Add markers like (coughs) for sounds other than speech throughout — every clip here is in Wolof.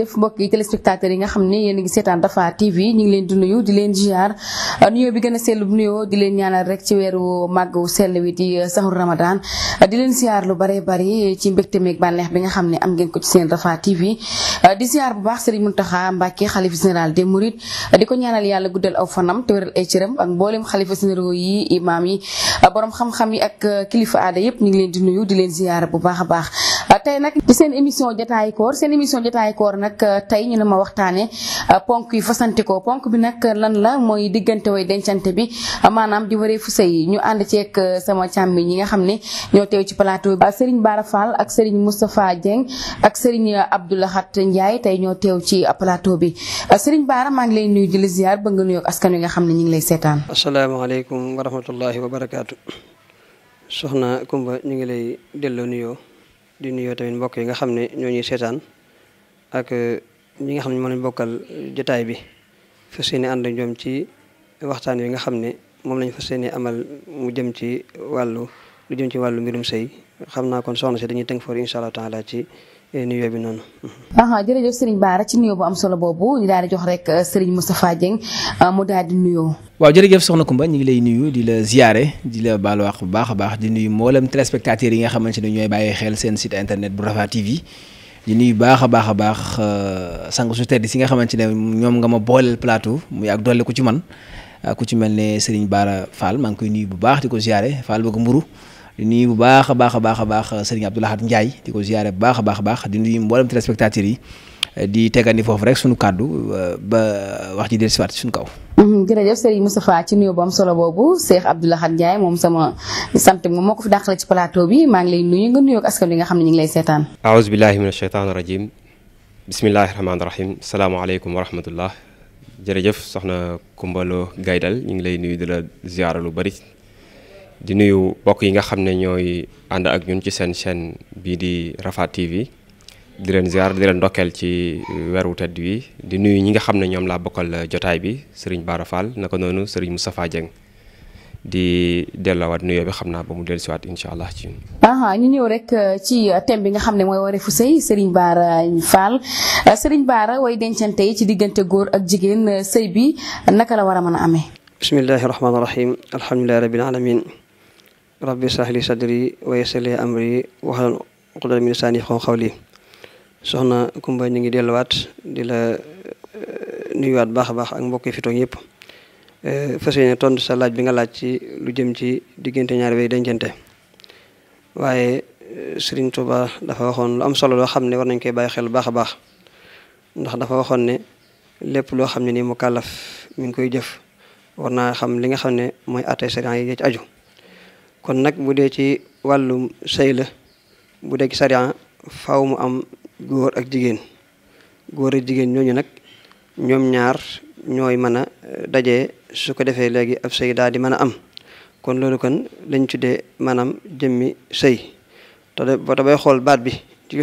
jëf mbokk yi téléspectateurs yi nga xam ne yéen a ngi seetaan di nuyu di leen a sell bu nuyoo ci weeru màggu sell wi di saxur bi nga xam ne am ngeen ko ci seen Rafah TV di ziar bu baax Serigne Mountakha Mbacké xalif général des Mourides di ko ñaanal yàlla guddal aw fanam te wéral ay cëram ak mboolem xalifa généraux yi imaam yi boroom xam-xam yi ak kilifa aada yëpp ñu ngi leen di nuyu di leen ziar bu baax a baax tey nag ci seen émission jotaayu koor seen émission jotaayu koor nag nag euh, tey ñu ne ma waxtaanee euh, ponk yi fasante ko ponk bi nag lan la mooy diggante way dencante bi maanaam di waree fu sëy ñu ànd ceeg euh, sama càmm ñi nga xam ne ñoo teew ci plateau bi Serigne Bara Fall ak Serigne Moustapha Dieng ak Serigne Abdoulahat Ndiaye tey ñoo teew ci plateau bi Serigne Bara maa ngi lay nuyu di la nga nuyoog askan wi nga xam ne ñu ngi lay seetaan. asalaamaaleykum wa rahmatullahi wa barakaatu. soxna Kumba ñu ngi lay delloo nuyoo di nuyoo tamit mbokk yi nga xam ne ñoo ñuy seetaan. ak eh, ñi nga xam ne moo leen bokkal jotaay bi fas yéene ànd ak ñoom ci waxtaan wi nga xam ne moom lañ fas yéene amal mu jëm ci wàllu lu jëm ci wàllu mbirum sëy xam naa kon soxna si dañuy tënk foofu incha allah taala ci eh, nuyoo bi noonu. jërëjëf Serigne Bara ci nuyoo bu am solo boobu ñu daal di jox rek eh, Serigne Moustapha Dieng mu daal di nuyoo. waaw jërëjëf soxna Kumba ñu ngi lay nuyu di la ziare di la baal wax bu baax baax di nuyu mboolem téléspectateurs yi nga xamante ne ñooy bàyyi seen site internet bu Rafah TV. di nuyu baax a baax a baax euh, sang su tedd si nga xamante ne ñoom nga ma booleel plateau muy ak dolli ko ci man ku ci mel ne Serigne Bara Fall maa ngi koy nuyu bu baax di ko ziare Fall ko mburu di nuyu bu baax a baax a baax a baax Serigne Abdoulahat Ndiaye di ko ziare bu baax a baax a baax di nuyu mboolem téléspectateurs yi di tegandi foofu rek suñu kàddu euh, ba wax ji dellusiwaat suñu kaw. Mhm, jërëjëf Serigne Moustapha ci nuyu bu am solo boobu Cheikh Abdou Lahad Ndiaye moom sama sant moom moo ko fi dàqale ci plateau bi maa ngi lay nuyu nga nuyoog askan wi nga xam ne ñu ngi lay seetaan. aouzu billahi mina shaytaani rajim bismillahi rahmaani rahim salaamaaleykum wa rahmatullah jërëjëf soxna Kumbalo Gaydal ñu ngi lay nuyu di la ziyaara lu bari di nuyu mbokk yi nga xam ne ñooy ànd ak ñun ci seen chaîne bii di Rafah TV. di leen ziar di leen ndokkeel ci euh, weeru tedd wi di nuyu ñi nga xam ne ñoom laa bokkal euh, jotaay bi sëriñ Bara Fall naka noonu sëriñ Moustapha Dieng di delloowaat nuyoo bi xam naa ba mu dellusiwaat incha allah ci. ñu ñëw rek euh, ci thème bi nga xam ne mooy wareefu sëy Serigne Bara Fall Serigne Bara way dencante yi ci diggante góor ak jigéen sëy bi naka la war a mën a ame bismillahi rahmaani rahim alhamdulillahi rabbil alamin rabbi sahli sadri wa yassir li amri waxlan uqdatan min lisaani yafqahu qawli soxna Kumba ñu ngi delluwaat di la eh, nuyuwaat baax a baax ak mbokk yi fi toog yëpp eh, fas yéene tontu sa laaj bi nga laaj ci lu jëm ci diggante ñaari way dencante waaye eh, Sëriñ Tuuba dafa waxoon lu am solo loo xam ne war nañ koy bàyyi xel baax a baax ndax dafa waxoon ne lépp loo xam ne nii mu kàllaf mi ngi koy jëf war naa xam li nga xam ne mooy àtte sariya yi ci aju kon nag bu dee ci wàllum sëy la bu dee ci sariya faaw mu am góor ak jigéen góor ak jigéen ñooñu nag ñoom ñaar ñooy mën a eh, daje su ko defee léegi ab sëy daal di mën a am kon loolu kon lañ tuddee maanaam jëmmi sëy te te bay xool baat bi ci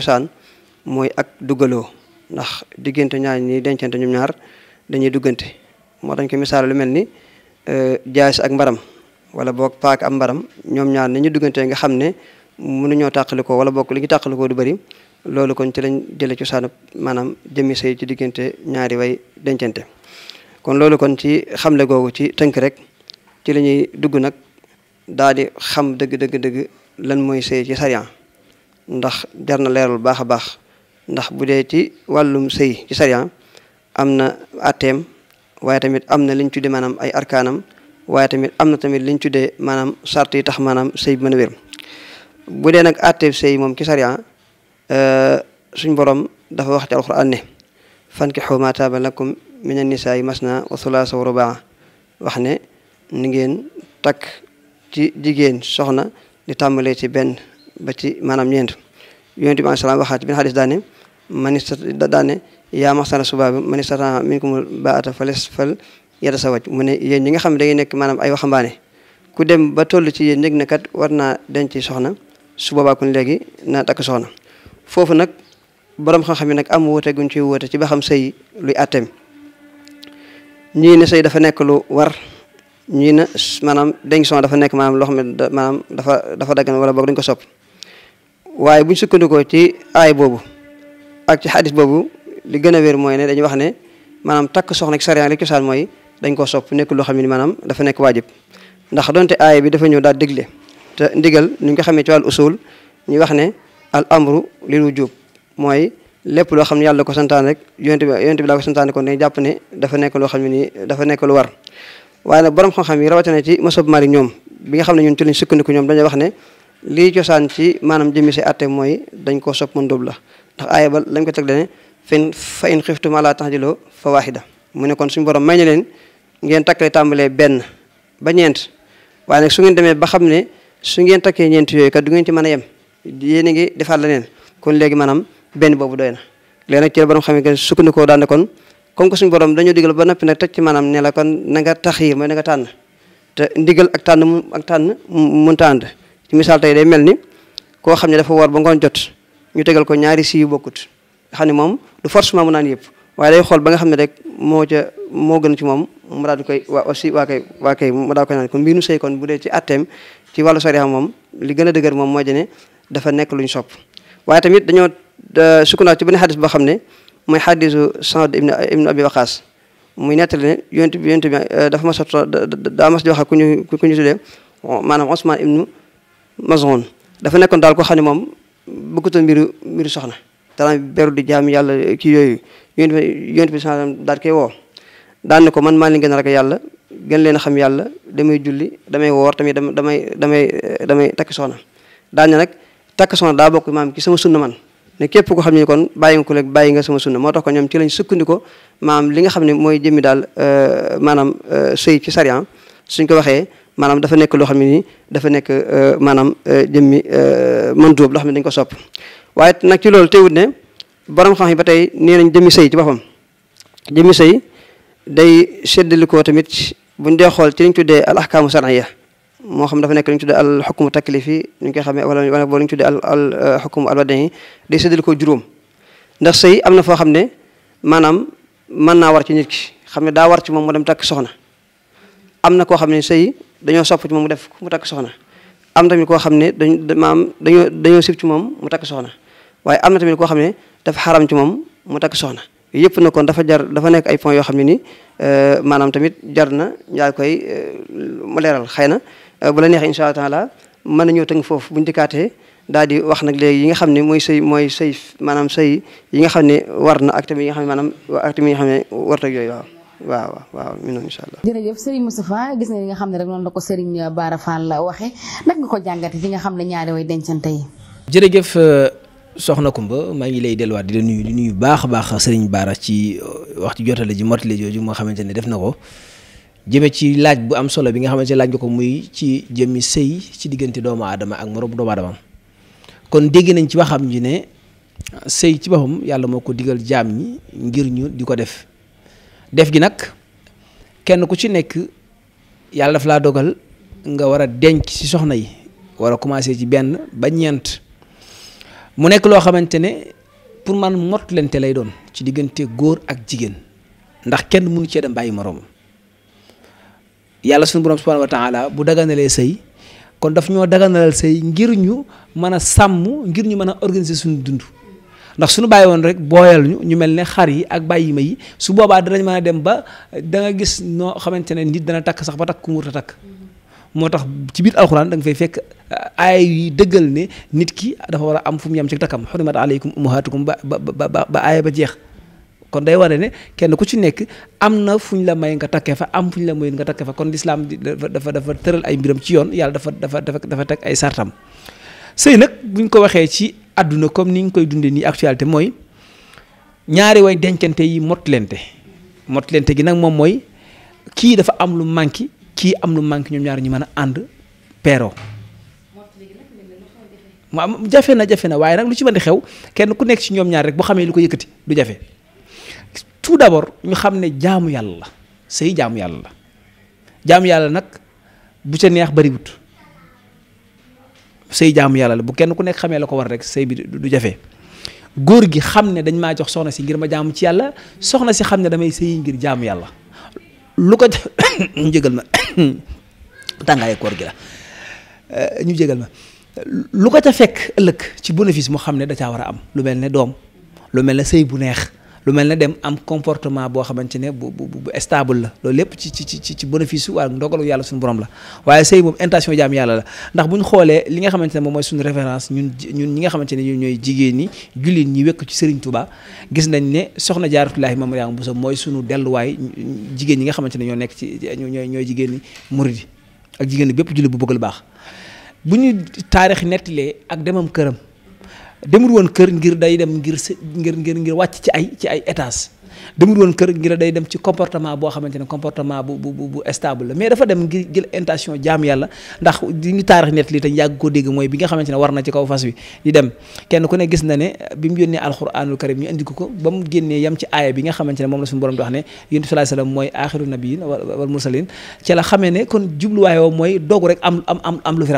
mooy ak duggaloo ndax diggante ñaar ñi dencante ñoom ñaar dañuy duggante moo dañ ko misaal lu mel ni eh, jaas ak mbaram wala boog paak am mbaram ñoom ñaar ni ñu duggante nga xam ne ñoo mënuñoo ko wala boog li ñu tàqalikoo du bari loolu kon ci lañ jële cosaanu maanaam jëmmi sëy ci diggante ñaari way dencante kon loolu kon ci xamle googu ci tënk rek ci la dugg nag daal di xam dëgg dëgg dëgg lan mooy sëy ci sariya ndax jar na leeral baax a baax ndax bu dee ci wàllum sëy ci sariya am na atteem waaye tamit am na liñ tuddee maanaam ay arkaanam waaye tamit am na tamit liñ tuddee maanaam sart yi tax maanaam sëy bi mën a wér bu dee nag atteem sëy moom ci sariya suñ borom dafa wax ci alquran ne fankixu ma taaba lakum min annisaayi masna wa sulaasa wa wax ne ni ngeen takk ci jigéen soxna di tàmbalee ci benn ba ci maanaam ñeent yonent bi salaam waxaat bin xadis daane manista daane yaa masana subaa bi manistata minkumul baata fales fal yada sa waj mu ne yéen ñi nga xam ne da nekk maanaam ay waxambaane ku dem ba toll ci yéen yëg na kat war naa denc soxna su boobaa kon léegi na takk soxna foofu nag boroom xam-xam yi nag am woote ci ciy woote ci ba xam sëy luy àtteem ñii ne sëy dafa nekk lu war ñii ne maanaam dénction dafa nekk maanaam loo xam ne maanaam dafa dafa daggan wala boog dañ ko sopp waaye buñ sukkandikoo ci aay boobu ak ci xadis boobu li gën a wér mooy ne dañuy wax ne maanaam takk soxna ci sariya li cosaan mooy dañ koo sopp nekk loo xam ne maanaam dafa nekk waajib ndax donte aay bi dafa ñëw daal digle te ndigal ñu ko xamee ci wàllu usul ñu wax ne al amru lil mooy lépp loo xam ne yàlla ko santaan rek yonent bi yonent bi laa ko santaane kon dañuy ne dafa nekk loo xam ne nii dafa nekk lu war waaye nag borom xam-xam yi rawatina ci masab Maalik ñoom bi nga xam ne ñun ci lañ sukkandiku ñoom dañuy wax ne lii cosaan ci maanaam jëmi si atte mooy dañ koo sopp mën dóob la ndax aaya ba lañ ko teg dene fin fa in xiftum ala tahdiloo fa waahida mu ne kon suñu borom may na leen ngeen takkale tàmbalee benn ba ñeent waaye su ngeen demee ba xam ne su ngeen takkee ñeent yooyu kat du ngeen ci mën a yem yéen a ngi defaat leneen kon léegi maanaam benn boobu doy na léegi nag ci la borom xam ne sukkandikoo daan ne kon comme que suñu borom dañoo digal ba noppi nag teg ci maanaam kon na nga taxir mooy na nga tànn te ndigal ak tànn mu ak tànn mënta ànd ci misaal tey day mel ni koo xam ne dafa woor ba ngoon ñu tegal ko ñaari si yu nga xam ne moom du forcément mu yëpp waaye xool ba nga xam ne rek moo ca moo gën ci moom mu daal di koy waa aussi waa koy waa koy mu daal koy naan kon mbiinu sëy kon bu dee ci atteem ci wàllu sariya moom li gën a dëgër moom moo jëne dafa nekk lu ñu sopp waaye tamit dañoo sukkandiku ci benn xadis boo xam ne mooy xadisu Saad ibn ibn Abi Waqaas muy nettali ne yonent bi yonent eh, dafa mas a daa mas di wax ak ku ñu ku ñu tuddee maanaam Usmaan ibnu Mazun dafa nekkoon daal koo xam ne moom bëggutoon mbiru mbiru soxna dara beru di jaam yàlla kii yooyu yonent bi yonent bi daal koy woo daan ne ko man maa ngi leen gën yàlla gën leen xam yàlla damay julli damay woor tamit damay damay eh, damay takk soxna daañu nag takk soxna daa bokk maam ci sama sunna man ne képp ko xam ne kon bàyyi nga ko bàyyi nga sama sunna moo tax ko ñoom ci lañ sukkandiko maam li nga xam ne mooy jëmmi daal eh, maanaam eh, sëy ci sariyan suñ ko waxee maanaam dafa nekk loo xam ne nii dafa nekk maanaam jëmmi manduub loo xam ne dañ ko sopp waaye nag ci loolu teewut ne borom xam yi ba tey nee nañ jëmmi sëy ci boppam jëmmi sëy day séddalikoo tamit bu buñ dee xool ci liñ tuddee al ahkaamu shar'iyya moo xam dafa nekk liñ tuddee al xukmu taklifi ñu koy xamee wala wala boo liñ tuddee al al xukmu euh, al wadani day séddal ko juróom ndax sëy am na foo xam ne maanaam mën naa war ci nit ki xam ne daa war ci moom mu dem soxna am na koo xam ne sëy dañoo sopp ci mu def mu takk soxna am tamit koo xam ne dañ maam dañoo dañoo sib ci moom mu takk soxna waaye am na tamit koo xam ne dafa xaram ci moom mu takk soxna yëpp na kon dafa jar dafa nekk ay points yoo xam ne nii euh, maanaam tamit jar na yaa koy euh, mu leeral xëy na euh, bu la neex incha allah mën na ñëw tënk foofu buñu dëkkaate daal di wax nag léegi yi nga xam ne mooy sëy mooy sëy maanaam sëy yi nga xam ne war na ak tamit yi nga xam ne maanaam ak tamit yi nga xam ne warut yooyu waaw. waaw waaw mi noonu incha allah. jërëjëf Serigne Moustapha gis nga li nga xam ne rek noonu la ko Serigne Bara Fall waxee nag nga ko jàngate ci nga xam ne ñaari way dencante yi. soxna Kumba maa ngi lay delluwaat di la nuyu di nuyu baax a baax sëriñ Baara ci euh, wax ci jotale ji motale jooju moo xamante ne def na ko jëme ci laaj bu am solo bi nga xamante ne laaj nga ko muy ci jëmmi sëy ci diggante doomu aadama ak moroom doomu kon dégg nañ ci waxam ji ne sëy ci boppam yàlla moo ko digal jaam ñi ngir ñu di ko def def gi nag kenn ku ci nekk yàlla daf laa dogal nga war a denc ci soxna yi war a commencé ci benn ba ñeent. mu nekk loo xamante ne pour man mott lente lay doon ci diggante góor ak jigéen ndax kenn mënu cee dem bàyyi moroomam yàlla suñu borom subhanahu wa taala bu daganalee say kon daf ñoo daganalal sëy ngir ñu mën a sàmm ngir ñu mën a organiser suñu dund ndax suñu bàyyi woon rek booyal ñu ñu mel ne xar yi ak bàyyi may su boobaa danañ mën a dem ba da gis noo xamante ne nit dana takk sax ba takk ku mu a takk moo tax ci biir alxuraan da nga fay fekk uh, aay yi dëggal ne nit ki dafa war a am fu mu yem ci takkam xurimat aleykum umahatukum ba ba ba ba aaya ba jeex kon day waree ne kenn ku ci nekk am na fu ñu la may nga takkee fa am fu ñu la may nga takkee fa kon lislaam dafa dafa dafa tëral ay mbiram ci yoon yàlla dafa dafa dafa dafa teg ay sartam sëy nag buñ ko waxee ci àdduna comme ni ñu koy dundee nii actualité mooy ñaari way dencante yi mottalente mottalente gi nag moom mooy kii dafa am lu manqué kii am lu manqué ñoom ñaar ñu mën a ànd peeroo waaw jafe na jafe na waaye nag lu ci mën di xew kenn ku nekk ci ñoom ñaar rek bu xamee lu ko yëkkati du jafe tout d'abord ñu xam ne jaamu yàlla la sëy jaamu yàlla la jaamu yàlla nag bu ca neex bariwut sëy yàlla la bu kenn ku nekk xamee la ko war rek sëy bi du jafe góor gi xam ne dañ maa jox soxna si ngir ma jaamu ci yàlla soxna si xam ne damay sëyi ngir jaamu yàlla lu ko def (coughs) ñu jégal ma (coughs) tàngaayu koor gi la euh, ñu jégal ma lu ko ca fekk ëllëg ci bénéfice mu xam ne da caa war a am lu mel ne doom lu mel ne sëy bu neex lu mel ne dem am comportement boo xamante ne bu bu bu stable la loolu lépp ci ci ci ci bénéfice waa ndogalu yàlla suñu borom la waaye sëy moom intention jaam yàlla la ndax bu ñu xoolee li nga xamante ne moom mooy suñu référence ñun ñun ñi nga xamante ne ñooy jigéen ñi jullit ñi wekk ci Serigne Touba gis nañ ne soxna Jaaratullaahi Maam Mariama Bousso mooy suñu delluwaay jigéen ñi nga xamante ne ñoo nekk ci ñooy ñooy jigéen ñi murid ak jigéen bépp jullit bu bëgg lu baax bu ñu taarix nettalee ak demam këram demul woon kër ngir day dem ngir ngir ngir ngir wàcc ci ay ci ay étage demul woon kër ngir day dem ci comportement boo xamante ne comportement bu bu bu mais dafa dem ngir jël intention jaam yàlla ndax di ñu taarix net lii te ñu yàgg ko dégg mooy bi nga xamante ne war na ci kaw fas wi di dem kenn ku ne gis na ne bi mu yónnee alxuraanul karim ñu indi ko ko ba mu génnee yam ci aaya bi nga xamante ne moom la suñu borom di wax ne yonent sallallahu alayhi wasallam mooy aaxiru nabiyin wal mursalin ci la xamee ne kon jubluwaayoo mooy dogu rek am am am lu fi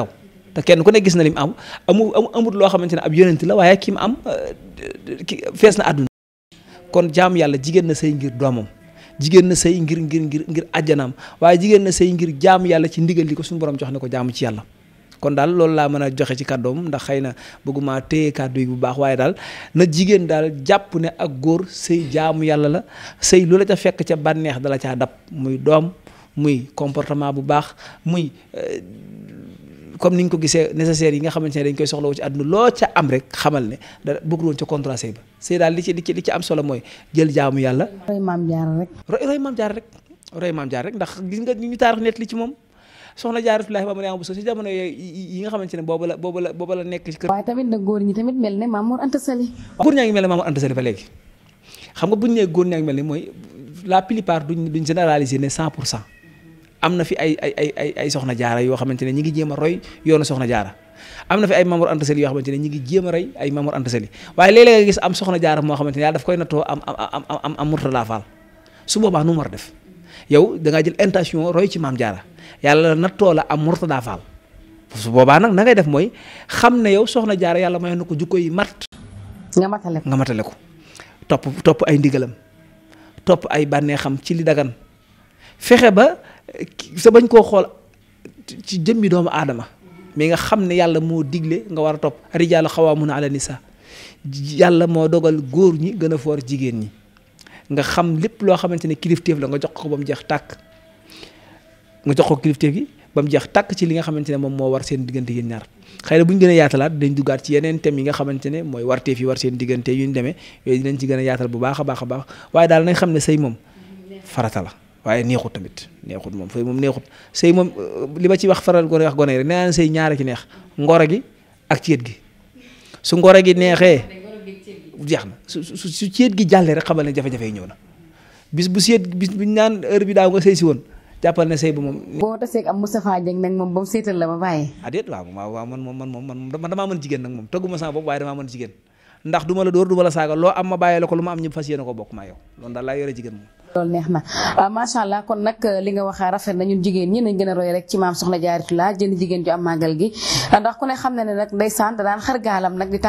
te kenn ku ne gis na lim am amu amut loo xamante ne ab yonent la waaye ki mu am euh, fees na àdduna kon jaam yàlla jigéen na sëy ngir doomam jigéen na sëy ngir ngir ngir ngir àjjanaam waaye jigéen na sëy ngir jaam yàlla ci ndigal li ko suñu borom jox na ko jaamu ci yàlla kon daal loolu laa mën a joxe ci kàddoom ndax xëy na bëgguma téye kàddu yi bu baax waaye daal na jigéen daal jàpp ne ak góor sëy jaamu yàlla la sëy lu la ca fekk ca bànneex dala caa dab muy doom muy comportement bu baax muy euh, comme ni ñu ko gisee nécessaire yi nga xamante ne dañ koy soxla wu ci àdduna loo ca am rek xamal ne da bëggul woon ca contrat sëy ba sëy daal ci li ci li ci am solo mooy jël jaamu yàlla. roy maam jaar rek. ndax gis nga ñu taarix net li ci moom soxna jaaratullaahi ba Mariama Bousso si jamono yi nga xamante ne boobu la boobu la boobu la nekk ci kër. waaye ñi tamit mel ne Mamour Anta Sali. góor ñaa ngi mel ne Mamour Anta Sali bu ñu nee góor ñaa ngi mel mooy la plupart duñ duñ généraliser ne 100 am na fi ay ay ay ay ay soxna jaara yoo xamante ne ñi ngi jéem a roy yoonu soxna jaara am na fi ay Mamour Anta yoo xamante ne ñi ngi jéem a ay Mamour Anta Sali waaye léeg nga am soxna jaara moo xamante ne yàlla daf koy nattoo am am am am Mourtala Fall su boobaa nu def yow da jël intation roy ci maam jaara yàlla nattoo la am daa Fall su boobaa nag na def mooy xam ne yow soxna jaara yàlla mayoon na ko jukko yi mat. nga matale ko nga matale ko topp topp ay ndigalam topp ay bànneexam ci li dagan fexe ba sa bañ koo xool ci jëmmi doomu aadama mais nga xam ne yàlla moo digle nga war a topp rijaalu xawaamuuna ala nisa yàlla moo dogal góor ñi gën a foor jigéen ñi nga xam lépp loo xamante ne kilifteef la nga jox ko ba mu jeex tàkk nga jox ko kilifteef gi ba mu jeex tàkk ci li nga xamante ne moom moo war seen diggante yéen ñaar xëy na bu ñu gën a yaatalaat dañ duggaat ci yeneen thèmes yi nga xamante ne mooy warteef yi war seen diggante yu ñu demee yooyu dinañ ci gën a yaatal bu baax a baax a baax waaye daal nañ xam ne sëy moom farata la waaye neexut tamit neexut moom fay moom neexut sëy moom li ma ci wax faral gone wax gone rek nee naa sëy ñaara ci neex ngoro gi ak céet gi su ngoro gi neexee jeex na su su céet gi jàllee rek xamal ne jafe-jafe yi ñëw na bis bu seet bis bu ñu naan heure bi daaw nga sëy si woon jàppal ne sëy ba moom boo tasee am Moustapha Dieng nag moom ba mu seetal la ma bàyyi adéet ah, waaw waaw waaw man moom man man jigéen nag moom togguma sama bopp waaye damaa mën jigéen ndax ko bokk maa yow loolu daal laa yore jigéen loolu neex na ah, macha allah kon nag eh, li nga waxee rafet na ñun jigéen ñi nañ gën a roy rek ci maam soxna jaaritulaa jënd jigéen ju am màggal gi ah, ndax ku ne xam na ne nag da daan xar gaalam nag di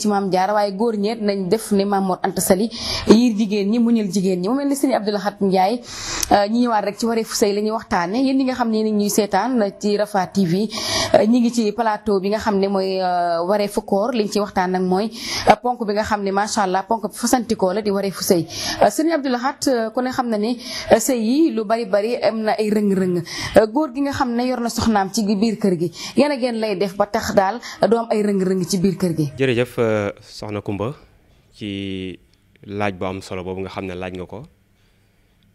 ci maam jaara waaye góor ñeet nañ def ah, la ñuy waxtaane yéen ñi nga xam ne ni ñuy seetaan ci Rafah TV ñi ngi ci plateau bi nga xam ne mooy wareefu koor liñ ci waxtaan nag mooy ponk bi nga xam ne macha ponk fasantikoo la di waree fu sëy euh, sëriñ Abdou Lahad euh, ku ne xam na ne euh, sëy yi lu bari bari am na ay rëng-rëng góor gi nga xam ne yor na soxnaam ci biir kër gi yéen a ngeen lay def ba tax daal doom ay rëng-rëng ci biir kër gi. jërëjëf soxna Kumba ci laaj bu am solo boobu nga xam ne laaj nga ko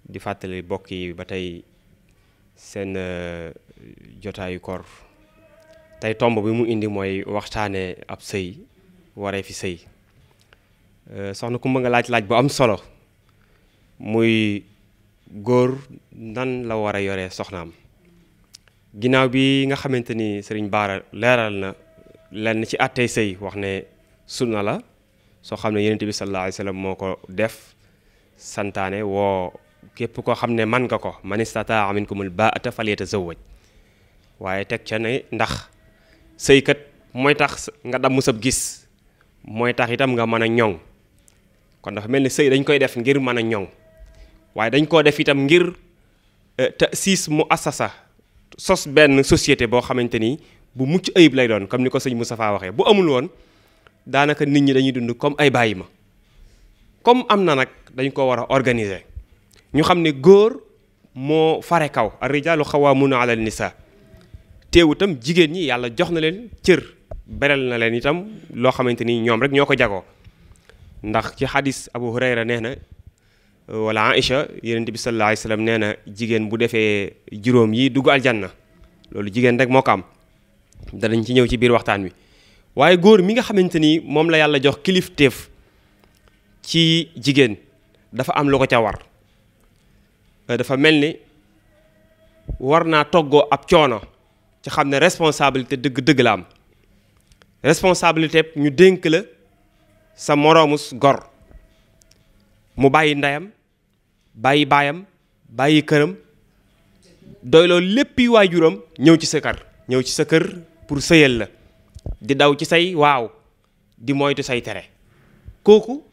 di fàttali bokk yi ba tey seen jotaayu koor tey tomb bi mu indi mooy waxtaane ab sëy waree fi sëy Euh, soxna Kumba nga laaj laaj bu am solo muy góor nan la war a yore soxnaam ginnaaw bi nga xamante ni sëriñ Baara leeral na lenn ci àttey sëy wax ne sunna la soo xam ne yonent bi sallallahu moo ko def santaane woo képp koo xam ne man nga ko man istataa minkumul baata falyatazawwaj waaye teg ca ne ndax sëykat mooy tax nga damm sab gis mooy tax itam nga mën a ñoŋ kon ndax mel ni sëy dañ koy def ngir mën a ñoŋ waaye dañ koo def itam ngir eh, ta'sis mu asasa sos benn société boo xamante ni bu mucc ayib lay doon comme ni ko sëñ Moustapha waxee bu amul woon daanaka nit ñi dañuy dund comme ay bàyyi ma comme am na nag dañ koo war a organiser ñu xam ne góor moo fare kaw ar xawaa xawaamuuna ala nisaa teewu itam jigéen ñi yàlla jox na leen cër berel na leen itam loo xamante ni ñoom rek ñoo ko jagoo ndax ci xadis abu hurayra nee na wala aïcha yonent bi sallallahu alayhi wasallam nee na jigéen bu defee juróom yi dugg aljanna loolu jigéen rek moo ko am danañ ci ñëw ci biir waxtaan wi waaye góor mi nga xamante ni moom la yàlla jox kilifteef ci jigéen dafa am lu ko ca war dafa mel ni war naa toggoo ab coono ci xam ne responsabilité dëgg-dëgg la am responsabilité ñu dénk la sa moroomu gor mu bàyyi ndeyam bàyyi baayam bàyyi këram doy loolu léppi waajuram ñëw ci sa kër ñëw ci sa kër pour sëyal la di daw ci say waaw di moytu say tere kooku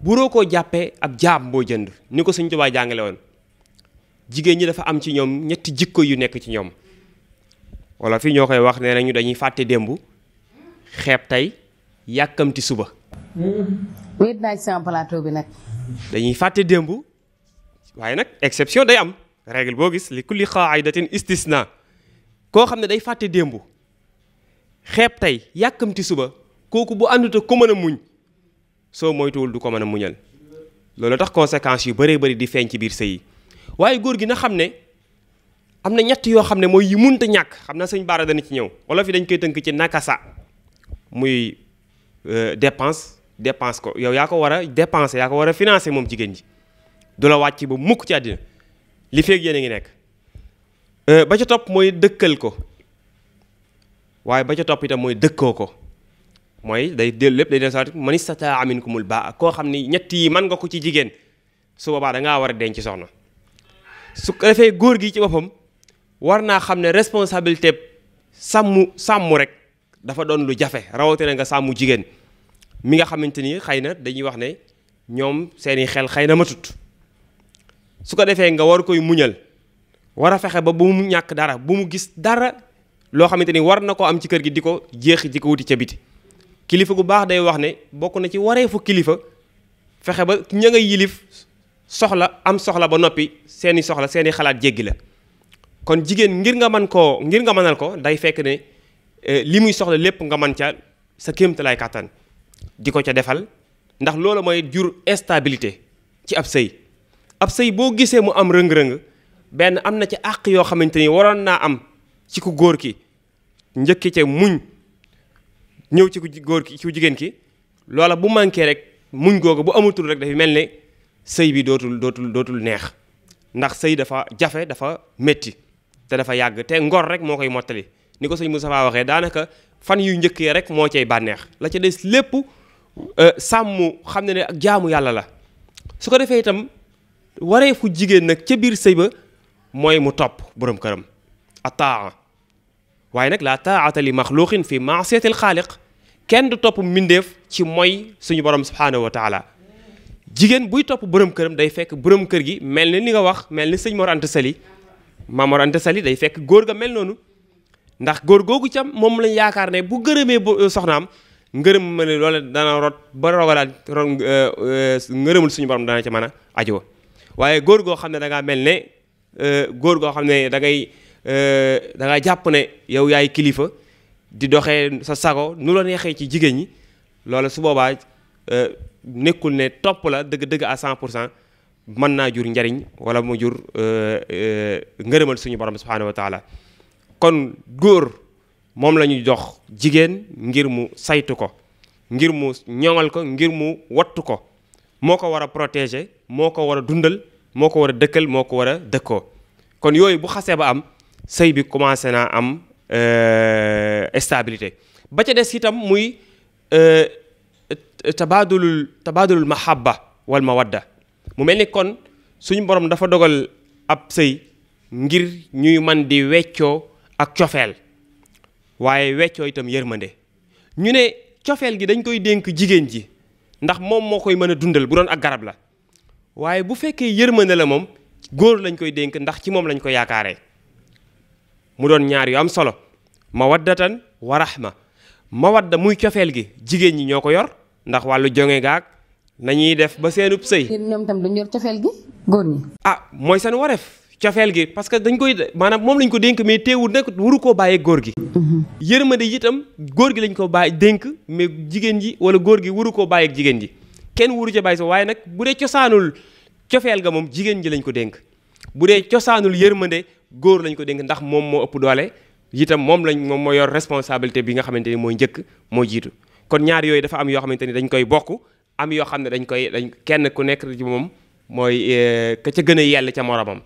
buroo koo jàppee ab jaam boo jënd ni ko Sëñ Tuubaa jàngale woon jigéen ñi dafa am ci ñoom ñetti jikko yu nekk ci ñoom wala fii ñoo koy wax nee nañu dañuy fàtte démb xeeb tey yàkkamti suba Mm-hmm. wéet naa bi nag. dañuy fàtte démb waaye nag exception day am règle boo gis li kulli xaaidatin istisna koo xam ne day fàtte démb xeeb tey yàkkamti suba kooku bu ànduta ko mën a muñ soo moytuwul du ko mën a muñal loolu tax conséquences yu bëree bëri di feeñ ci biir sëy yi waaye góor gi na xam ne am na ñett yoo xam ne mooy yi munta ñàkk xam na sëñ baara dana ci ñëw wala fi dañ koy tënk ci nakasa muy Euh, dépense dépense ko yow yaa ko war a dépenser yaa ko war a financer moom jigéen ji du la wàcc ba mukk ci àddina li feeg yéen a ngi nekk euh, ba ca topp mooy dëkkal ko waaye ba ca topp itam mooy dëkkoo ko mooy day del lépp day del sat man istataa minkumul baa koo xam ni ñett yi nga ko ci jigéen su boobaa da ngaa war a denc soxna su ko defee góor gi ci boppam war naa xam ne responsabilité sàmm sàmm rek dafa doon lu jafe rawatina nga sàmmu jigéen mi nga xamante ni xëy na dañuy wax ne ñoom seeni xel xëy na matut su ko defee nga war koy muñal war a fexe ba bu mu ñàkk dara bu mu gis dara loo xamante ni war na ko am ci kër gi di ko jeexi di ko wuti ca biti kilifa gu baax day wax ne bokk na ci wareefu kilifa fexe ba ña nga yilif soxla am soxla ba noppi seeni soxla seeni xalaat jéggi la kon jigéen ngir nga mën koo ngir nga mënal ko day fekk ne eh, li muy soxla lépp nga mën ca sa kéemtalaay kàttan di ko ca defal ndax loola mooy jur instabilité ci ab sëy ab sëy boo gisee mu am rëng-rëng benn am na ci àq yoo xamante ni waroon naa am ci ku góor ki njëkki ca muñ ñëw ci ku góor ki ci jigéen ki loola bu manqué rek muñ googu bu amatul rek dafa mel ni sëy bi dootul dootul dootul neex ndax sëy dafa jafe dafa métti te dafa yàgg te ngor rek moo koy mottali ni ko sëñ Moustapha waxee daanaka fan yu njëkk yi rek moo cay bànneex la ca des lépp Euh, sàmm xam ne ne ak jaamu yàlla la su ko defee itam waree fu jigéen nag ca biir sëy ba mooy mu topp borom këram ataa waaye nag la taata li maxluqin fi maasiyatil xaaliq kenn du topp mbindeef ci moy suñu borom subhaanahu wa jigéen buy topp borom këram day fekk borom kër gi mel ni li nga wax mel ni sëñ Mor Anta Sali Maam day fekk góor ga mel noonu ndax góor googu cam moom lañ yaakaar ne bu gërëmee soxnaam ngërëm ma ne loola dana rot ba rogalaat eh, eh, ngërëmul suñu borom dana ci man a ajo waaye góor goo xam ne da mel ne eh, góor goo xam ne da ngay da nga jàpp ne yow yaay kilifa di doxe sa sago nu la neexee ci jigéen ñi loola su boobaa nekkul ne topp la dëgg-dëgg à 100 pour cent mën naa jur njariñ wala mu jur ngërëmal suñu borom subhaanahu wa kon góor moom la ñu jox jigéen ngir mu saytu ko ngir mu ñoŋal ko ngir mu wattu ko moo ko war a protéger moo ko war a dundal moo ko war a dëkkal moo ko war a dëkkoo kon yooyu bu xasee ba am sëy bi commencé naa am euh, stabilité ba ca des itam muy euh, tabaadulul ma xàbba wal ma mawadda mu mel ni kon suñu borom dafa dogal ab sëy ngir ñuy man di weccoo ak cofeel waaye weccoo itam yërmande ñu ne cofeel gi dañ koy dénk jigéen ji ndax moom moo koy mën a dundal bu doon ak garab la waaye bu fekkee yërmande la moom góor lañ koy dénk ndax ci moom lañ ko yaakaaree mu doon ñaar yu am solo warax wa rahma mawadda muy cofeel gi jigéen ñi ñoo ko yor ndax wàllu jonge gaag nañuy def ba seenub sëy ñoom tam dañu ah mooy seen wareef cofeel gi parce que dañ koy maanaam moom lañ ko dénk mais teewul nag waru koo bàyyee góor gi. Mhm. yërmande itam góor gi lañ ko bàyyi dénk mais jigéen ji wala góor gi waru koo bàyyi ak jigéen ji kenn waru ca bàyyi sa waaye nag bu dee cosaanul cofeel ga moom jigéen ji lañ ko dénk bu dee cosaanul yërmande góor lañ ko dénk ndax moom moo ëpp doole itam moom lañ moom moo yor responsabilité bi nga xamante ni mooy njëkk moo jiitu kon ñaar yooyu dafa am yoo xamante ni dañ koy bokk am yoo xam ne dañ koy dañ kenn ku nekk ci moom mooy eh, ka ca gën a yell ca moromam.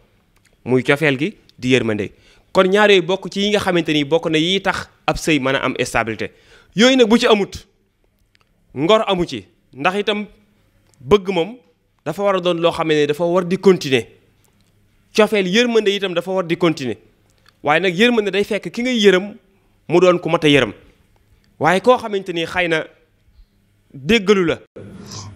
muy cofeel gi di yërmande kon ñaar bokk ci yi nga xamante ni bokk na yi tax ab sëy mën a am stabilité yooyu nag bu ci amut ngor amu ci ndax itam bëgg moom dafa war a doon loo xam ne dafa war di continuer cofeel yërmande itam dafa war di continuer waaye nag yërmande day fekk ki ngay yërëm mu doon ku mat a yërëm waaye koo xamante ni xëy na déggalu la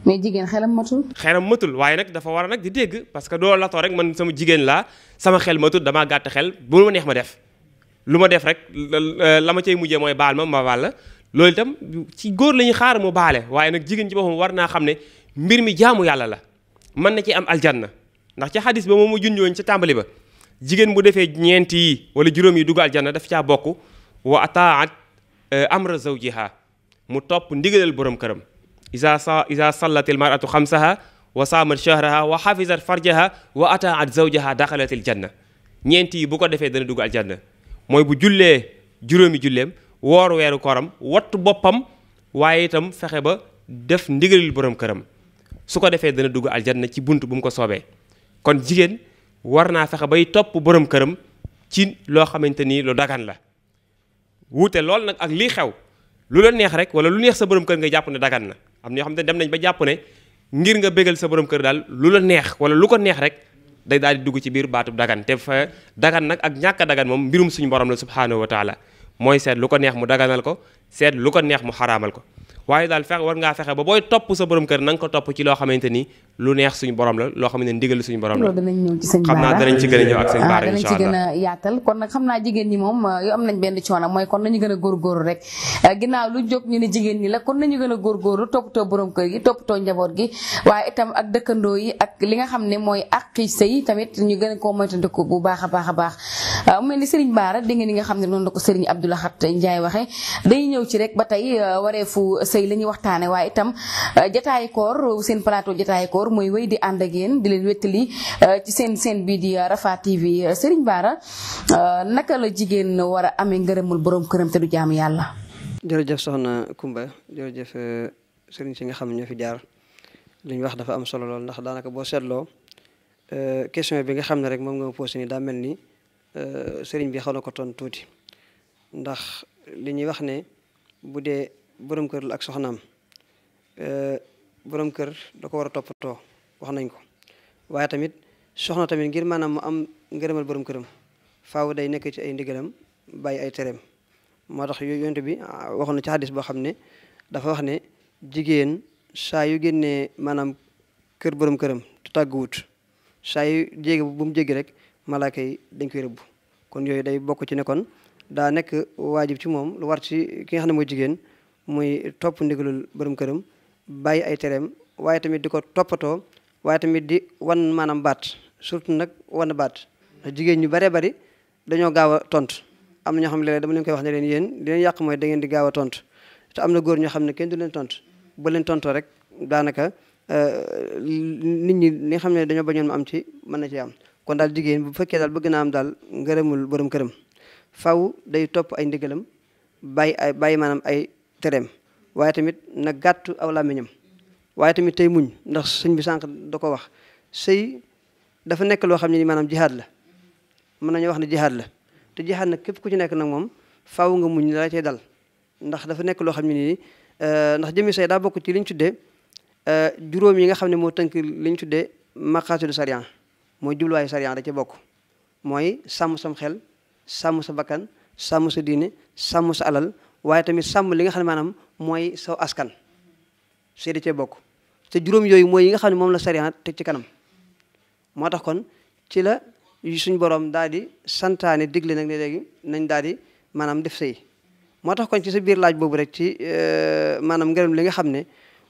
mais jigéen xelam matul. xelam matul waaye nag dafa war a nag di dégg parce que doo latoo rek man sama jigéen laa sama xel matul damaa gàtt xel bu ma neex ma def lu ma def rek la ma cay mujjee mooy baal ma ma baal la loolu ci góor la ñuy xaar mu baale waaye nag jigéen ci boppam war naa xam ne mbir mi jaamu yàlla la mën na ci am aljanna ndax ci xadis ba moom mu junjoon ci tàmbali ba jigéen bu defee ñeenti yi wala juróom yi dugg aljanna daf caa bokk wa ataat eh, amra zawjiha mu topp ndigalal borom këram isa sa isa sallatil maratu xamsaha wa saamat shahraha wa xafisat farjaha wa ataat zawjaha daxalatil janna ñeent yi bu ko defee dana dugg aljanna mooy bu jullee juróomi julleem woor weeru koram wattu boppam waaye itam fexe ba def ndigalil borom këram su ko defee dana dugg aljanna ci bunt bu mu ko soobee kon jigéen war naa fexe bay topp borom këram ci loo xamante ni lu dagan la wuute lool nag ak lii xew lu la neex rek wala lu neex sa borom kër nga jàpp ne dagan na am na ñoo xam ne dem nañ ba jàpp ne ngir nga bégal sa borom kër daal lu la neex wala lu ko neex rek day daal di dugg ci biir baatu dagan te fa dagan nag ak ñàkk a dagan moom mbirum suñu borom la subhaanahu wa taala mooy seet lu ko neex mu daganal ko seet lu ko neex mu xaraamal ko waaye daal fex war ngaa fexe ba booy topp sa borom kër na ko topp ci loo xamante ni lu neex suñu borom la loo xam ne ndigal suñu borom la. loolu danañ ñëw ci sëñ Bara xam a gën a ah, yaatal kon nag xam naa jigéen ñi moom euh, am nañ benn coono mooy kon nañu gën a góorgóorlu rek euh, ginnaaw lu jóg ñu ne jigéen ñi la kon nañu gën a góorgóorlu toppatoo borom kër gi toppatoo njaboot gi waaye itam ak dëkkandoo yi ak li nga xam ne mooy àqi sëy tamit ñu gën a koo moytandiku bu baax a baax a baax euh, mel ni sëriñ Bara dégg nga ni nga xam ne noonu la ko sëriñ Abdou Lahat njaay waxee dañu ñëw ci rek ba tey fu sëy la ñuy waxtaane waaye itam jataay koor seen plateau jataay koor encore muy wéy di ànd ak génn di leen wettali euh, ci seen seen bii di euh, Rafah TV euh, Serigne Bara naka la jigéen war a amee ngërëmul borom këram te du jaam yàlla. jërëjëf soxna Kumba jërëjëf Serigne si nga xam ne ñoo fi jaar li ñu wax dafa am solo lool ndax daanaka boo seetloo question bi nga xam ne rek moom nga ma posé nii daa mel ni Serigne bi xaw na ko ton tuuti ndax li ñuy wax ne bu dee borom kër ak soxnaam. borom kër da ko war a toppatoo wax nañ ko waaye tamit soxna tamit ngir maanaam mu am ngërëmal boroom këram faaw day nekk ci ay ndigalam bàyyi ay tereem moo tax yonent bi ah, waxoon na ci boo xam ne dafa wax ne jigéen saa yu génnee maanaam kër borom këram te tàgguwut saa yu rek malaaka dañ koy rëbb kon yooyu day bokk ci nekkoon kon daa nekk waajib ci moom lu war ci ki nga xam ne mooy jigéen muy topp ndigalul borom këram bàyyi ay tereem waaye tamit di ko toppatoo waaye tamit di wan maanaam baat surtout nag wan baat jigéen ñu baree bari dañoo gaaw a tontu am na ñoo xam ne léeg dama leen koy wax ne leen yéen li leen yàq mooy da ngeen di gaaw a tontu te am na góor ñoo xam ne kenn du leen tontu ba leen tontoo rek daanaka euh, nit ñi ni nga xam ne dañoo bañoon mu am ci mën na ci am kon daal jigéen bu fekkee daal bëgg naa am daal ngërëmul borom këram faw day topp ay ndigalam bàyyi ay bàyyi maanaam ay tereem waaye tamit na gàtt aw làmmiñam waaye tamit tey muñ ndax sëñ bi sànq da ko wax sëy dafa nekk loo xam ne ni maanaam jihaad la mën nañu wax ne jihaad la te jihaad na képp ku ci nekk nag moom faw nga muñ la cay dal ndax dafa nekk loo xam ne nii euh, ndax jëmi say daa bokk ci li ñu tuddee euh, juróom yi nga xam ne moo tënk li ñu tuddee maqaasidu sariya mooy jubluwaayu sariya da ci bokk mooy sàmm sam xel sàmm sa bakkan sàmm sa diine sàmm sa alal waaye tamit sàmm li nga xam ne maanaam mooy saw askan see da cee bokk te juróom yooyu mooy yi nga xam ne moom la sariya te ci kanam moo tax kon ci la suñ borom daal di santaane digle nag ne léegi nañ daal di maanaam def sëy moo tax kon ci sa biir laaj boobu rek ci euh, maanaam ngeram li nga xam ne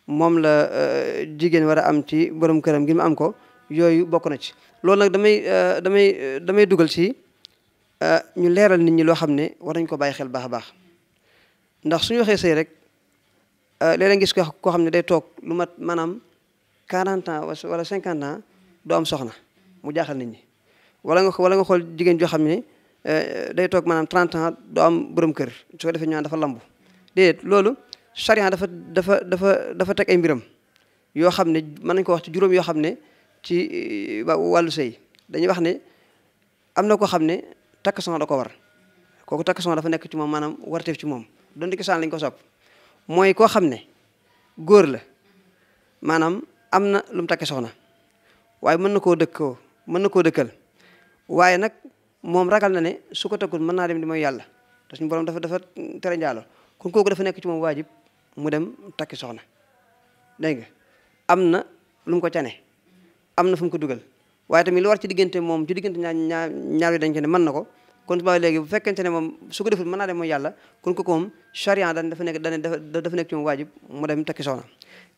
moom la euh, jigéen war a am ci borom këram ngir mu am ko yooyu bokk na ci loolu nag damay euh, damay damay dugal ci ñu leeral nit ñi loo xam ne war nañ ko bàyyi xel baax baax ndax suñu waxee sëy rek euh, léeg-léeg gis koo xam ne day toog lu mat maanaam 40 ans wala cinquante ans doo am soxna mu jaaxal nit ñi wala nga wala nga xool jigéen joo xam ne euh, day toog maanaam 30 ans doo am borom kër soo defee ñu naan dafa lambu déedéet loolu charia dafa dafa dafa dafa teg ay mbiram yoo xam ne mën nañ ko wax ci juróom yoo xam ne ci euh, wàllu sëy dañuy wax ne am na koo xam ne takk soxna da ko war kooku takk soxna dafa nekk ci moom maanaam warteef ci moom donte cosaan lañ ko sopp mooy koo xam ne góor la maanaam am na lu mu takki soxna waaye mën na koo dëkkoo mën na koo dëkkal waaye nag moom ragal na ne su ko takkul mën naa dem di mooy yàlla te suñu boroom dafa dafa tere njaaloo kon kooku dafa nekk ci moom waajib mu dem takki soxna dégg nga am na lu mu ko cane am na fu mu ko dugal waaye tamit lu war ci diggante moom ci diggante ñaar ñaar ñaar yi dañ ko ne mën na ko kon ba léegi bu fekkente ne moom su ko deful mën naa dem mooy yàlla kon kooku moom charia daan dafa nekk daan dafa nekk ci moom waajib mu dem takki soxna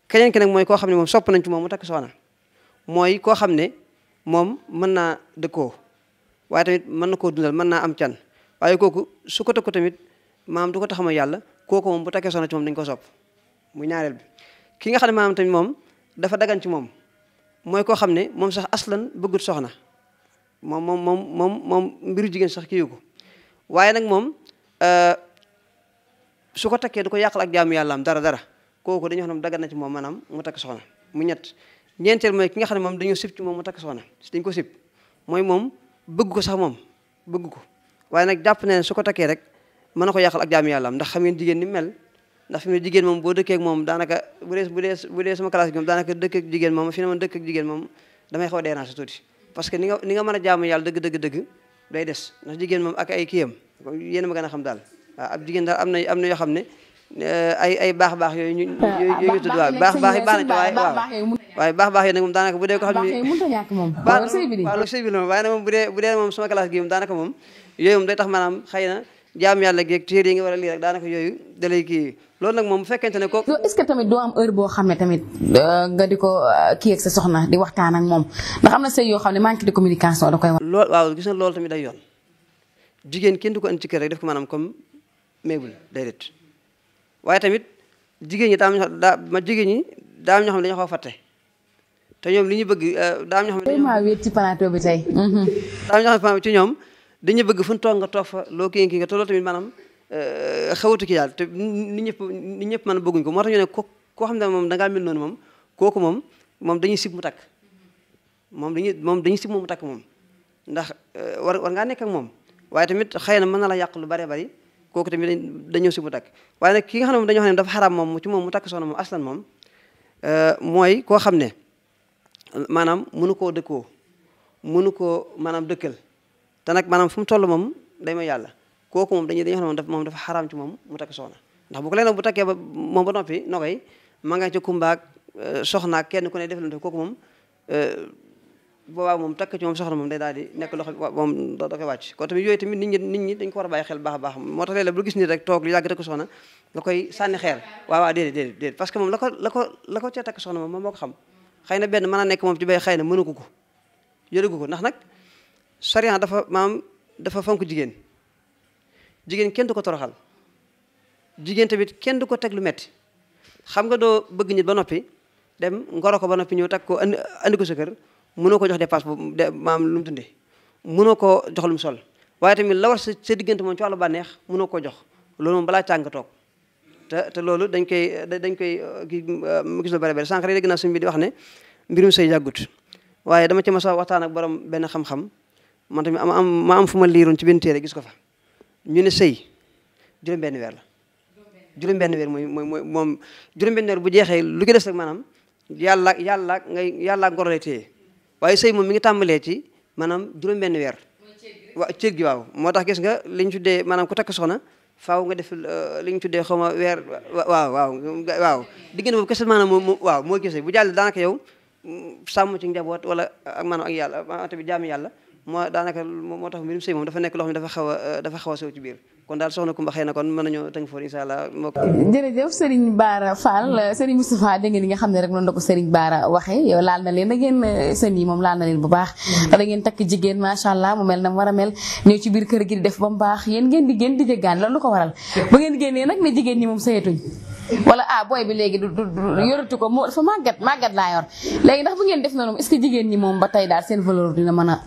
keneen ki nag mooy koo xam ne moom sopp nañ ci moom mu takki soxna mooy koo xam ne moom mën naa dëkkoo waaye tamit mën na koo dundal mën naa am can waaye kooku su ko takku tamit maam du ko tax yàlla kooku moom bu takkee soxna ci moom dañ ko sopp mu ñaareel bi ki nga xam ne maam tamit moom dafa dagan ci moom mooy koo xam ne moom sax aslan bëggut soxna moom moom moom moom moom mbiru jigéen sax kii ko waaye nag moom euh, su ko takkee du ko yàqal ak jaamu yàlla am dara dara kooku dañoo xam ne dagan na ci moom maanaam mu takk soxna mu ñett ñeenteel mooy ki nga xam ne moom dañoo sib moom mu takk soxna dañ ko sib mooy moom bëgg ko sax moom bëgg ko waaye nag jàpp ne su ko takkee rek mën na ko yàqal ak jaamu yàlla am ndax xam ngeen jigéen ni mel ndax fi ne jigéen moom boo dëkkee ak moom daanaka bu dee bu dee bu dee sama gi moom daanaka dëkk ak jigéen moom fi ne man dëkk moom damay xaw parce que ni nga ni nga mën a jaamu yàlla dëgg dëgg dëgg day des ndax jigéen moom ak ay kiyam yéen ma gën xam daal waaw ab am na am na yoo xam ne euh, ay baax baax yooyu ñu ah, yooyu tudd baax baax yi waaye waaw baax baax yi nag moom daanaka bu dee ko xam ne waaw na sëy la moom waaye nag moom bu dee bu dee moom sama classe gi moom daanaka moom yooyu moom day tax maanaam xëy na jaamu yàlla geeg téere nga war a lii rek daanaka yooyu da lay kii loolu nag moom bu fekkente ne kook non est-ce que tamit doo am heure boo xam ne tamit euh, nga di ko euh, kii ak sa soxna di waxtaan ak moom ndax am na sëy yoo xam ne manque di communication da koy wax. loolu waaw gis na loolu tamit day yoon jigéen kenn du ko indi ci kër rek def ko maanaam comme meebul déedéet waaye tamit jigéen ñi daa am daa ma jigéen ñi daa am ñoo xam ne dañoo xaw fàtte te ñoom li ñu bëgg euh, daa am ñoo xam ne. vraiment ci plateau bi tey. (laughs) daa am ñoo xam ne ci bëgg fu ñu toog nga toog fa loo kii nga te Euh, xawatu ki daal te nit ñëpp nit ñëpp mën a bëgguñ ko moo tax ñu ne ko koo xam ne moom da ngaa mel noonu moom kooku moom moom dañuy sib mu takk moom dañuy moom dañuy sib moom mu takk moom ndax euh, war war ngaa nekk moom waaye tamit xëy na mën na la yàq lu bari bari kooku tamit dañoo si mu takk waaye ki nga xam ne moom dañoo xam ne dafa xaram moom ci moom mu takk soxna moom aslan moom euh, mooy koo xam ne maanaam mënu koo dëkkoo mënu koo maanaam dëkkal te nag maanaam fu mu toll moom day ma yàlla kooku moom dañuy dañoo xam ne moom dafa xaraam ci moom mu takk soxna ndax bu ko leen bu takkee ba moom ba noppi no euh, kenn ku ne def lante kooku moom euh, boobaa moom takk ci moom soxna moom day daal di nekk loxo moom da koy wàcc tamit yooyu tamit nit ñi nit ñi xel baax a baax moo tax léeg-léeg bu gis nit rek toog koy sànni xeer waaw parce que moom la ko la la ko cee takk soxna moom moom moo ko xam xëy na benn mën a nekk moom ci bay xëy na mënu ko ko yërugu ko ndax nag sariya dafa maam dafa fonk jigéen jigéen kenn du ko toroxal jigéen tamit kenn du ko teg lu metti xam nga doo bëgg nit ba noppi dem ngoro ko ba noppi ñëw tag ko andi andi ko sa kër mënoo ko jox dépense bu de maam lu mu dundee mënoo ko jox lu sol waaye tamit la war sa sa diggante moom ci wàllu bànneex mënoo jox loolu moom balaa te te loolu dañ koy dañ koy uh, uh, gis lu bari bari sànq rek dégg naa suñu bi di wax ne mbirum sëy yàggut waaye dama ci mas waxtaan ak borom benn xam-xam man tamit am am ma am fu ma liiroon ci benn téere gis ko fa ñu ne sëy juróom-benn weer la juróom-benn weer mooy mooy moom juróom-benn weer bu jeexee lu ko des rek maanaam yàlla yàlla ngay yàlla ngoro lay téye waaye sëy moom mi ngi tàmbalee ci maanaam juróom-benn weer waaw cër waaw moo tax gis nga li ñu tuddee maanaam ku takk soxna faaw nga def euh, li ñu tuddee xaw ma weer waaw waaw waaw diggante boobu kese maanaam moo waaw moo gisee bu jàll daanaka yow mm, sàmm ci njaboot wala ak maanaam ak yàlla tamit jaami yàlla moo daanaka moo tax mbirum sëy moom dafa nekk loo dafa xaw a euh, a sew ci biir kon daal soxna Kumba xëy na kon mën nañoo tënk foofu incha allah. jërëjëf nga xam ne rek noonu la ko Serigne Bara waxee yow leen da ngeen moom laal na leen bu baax. da takk jigéen macha allah mu mel na mu a mel ñëw ci biir kër gi di ba mu baax yéen ngeen di génn di jéggaan loolu lu ko waral ba ngeen génnee nag ne jigéen ñi moom sëyatuñ wala ah booy léegi du du yoratu ko moo dafa màggat laa yor léegi ndax bu ngeen def noonu est jigéen ñi moom ba tey daal seen valeur dina mën a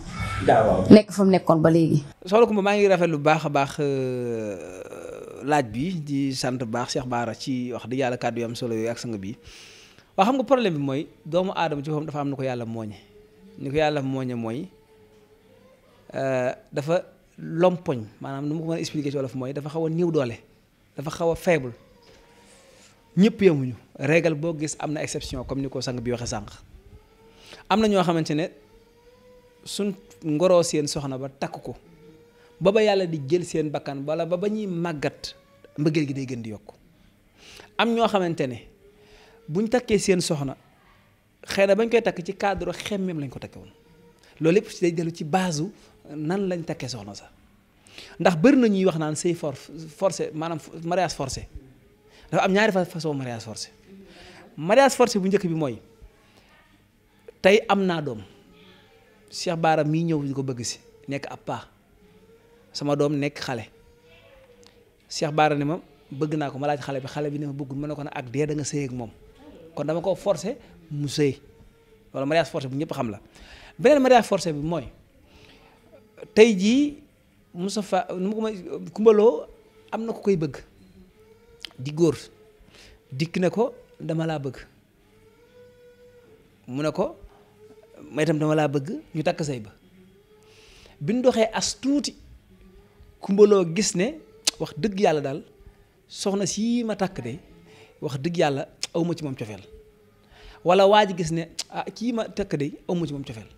nekk fa mu nekkoon ba léegi. soxna Coumba maa ngi rafet lu baax a baax euh, laaj bi di sant baax Cheikh Baara ci wax di yàlla kàddu yu am solo yooyu ak sang bi waa xam nga problème bi mooy doomu aadama ci boppam am na ko yàlla mooñe ni ko yàlla mooñe mooy euh, dafa lompoñ maanaam nu ma mooy dafa xaw a néew doole dafa xaw a faible ñëpp yemuñu régal boo gis am na exception comme ni ko sang bi waxe sànq am na ñoo xamante ne suñ ngoro seen soxna ba takk ko ba ba yàlla di jël seen bakkan wala ba ba ñuy màggat mbëggeel gi day gën di yokk am ñoo xamante ne buñ takkee seen soxna xëy na bañ koy takk ci cadre xemeem lañ ko takke woon loolu yëpp day dellu ci base nan lañ takkee soxna sax ndax bëri na ñuy wax naan sëy for forcé maanaam mariage forcé dafa am ñaari façon mariage forcé mariage forcé bu njëkk bi mooy tey am naa doom Cheikh Baara mii ñëw di ko bëgg si nekk ab paa sama doom nekk xale Cheikh Baara ne ma bëgg naa ko ma laaj xale bi xale bi ne ma bëggul ma ne ko nag ak dee danga nga sëy ak moom kon dama ko forcé mu sëy walla mariage forcé bu ñëpp xam la beneen mariage forcé bi mooy tey jii Moustapha nu ma ko may kumbaloo am na ko koy bëgg di góor dikk ne ko dama laa bëgg mu ne ko may tam dama laa bëgg ñu takk say ba bi ñu doxee as tuuti kumbaloo gis ne wax dëgg yàlla daal soxna sii ma takk de wax dëgg yàlla awma ci moom cofeel wala waa ji gis ne ah kii ma takk de awma ci moom cofeel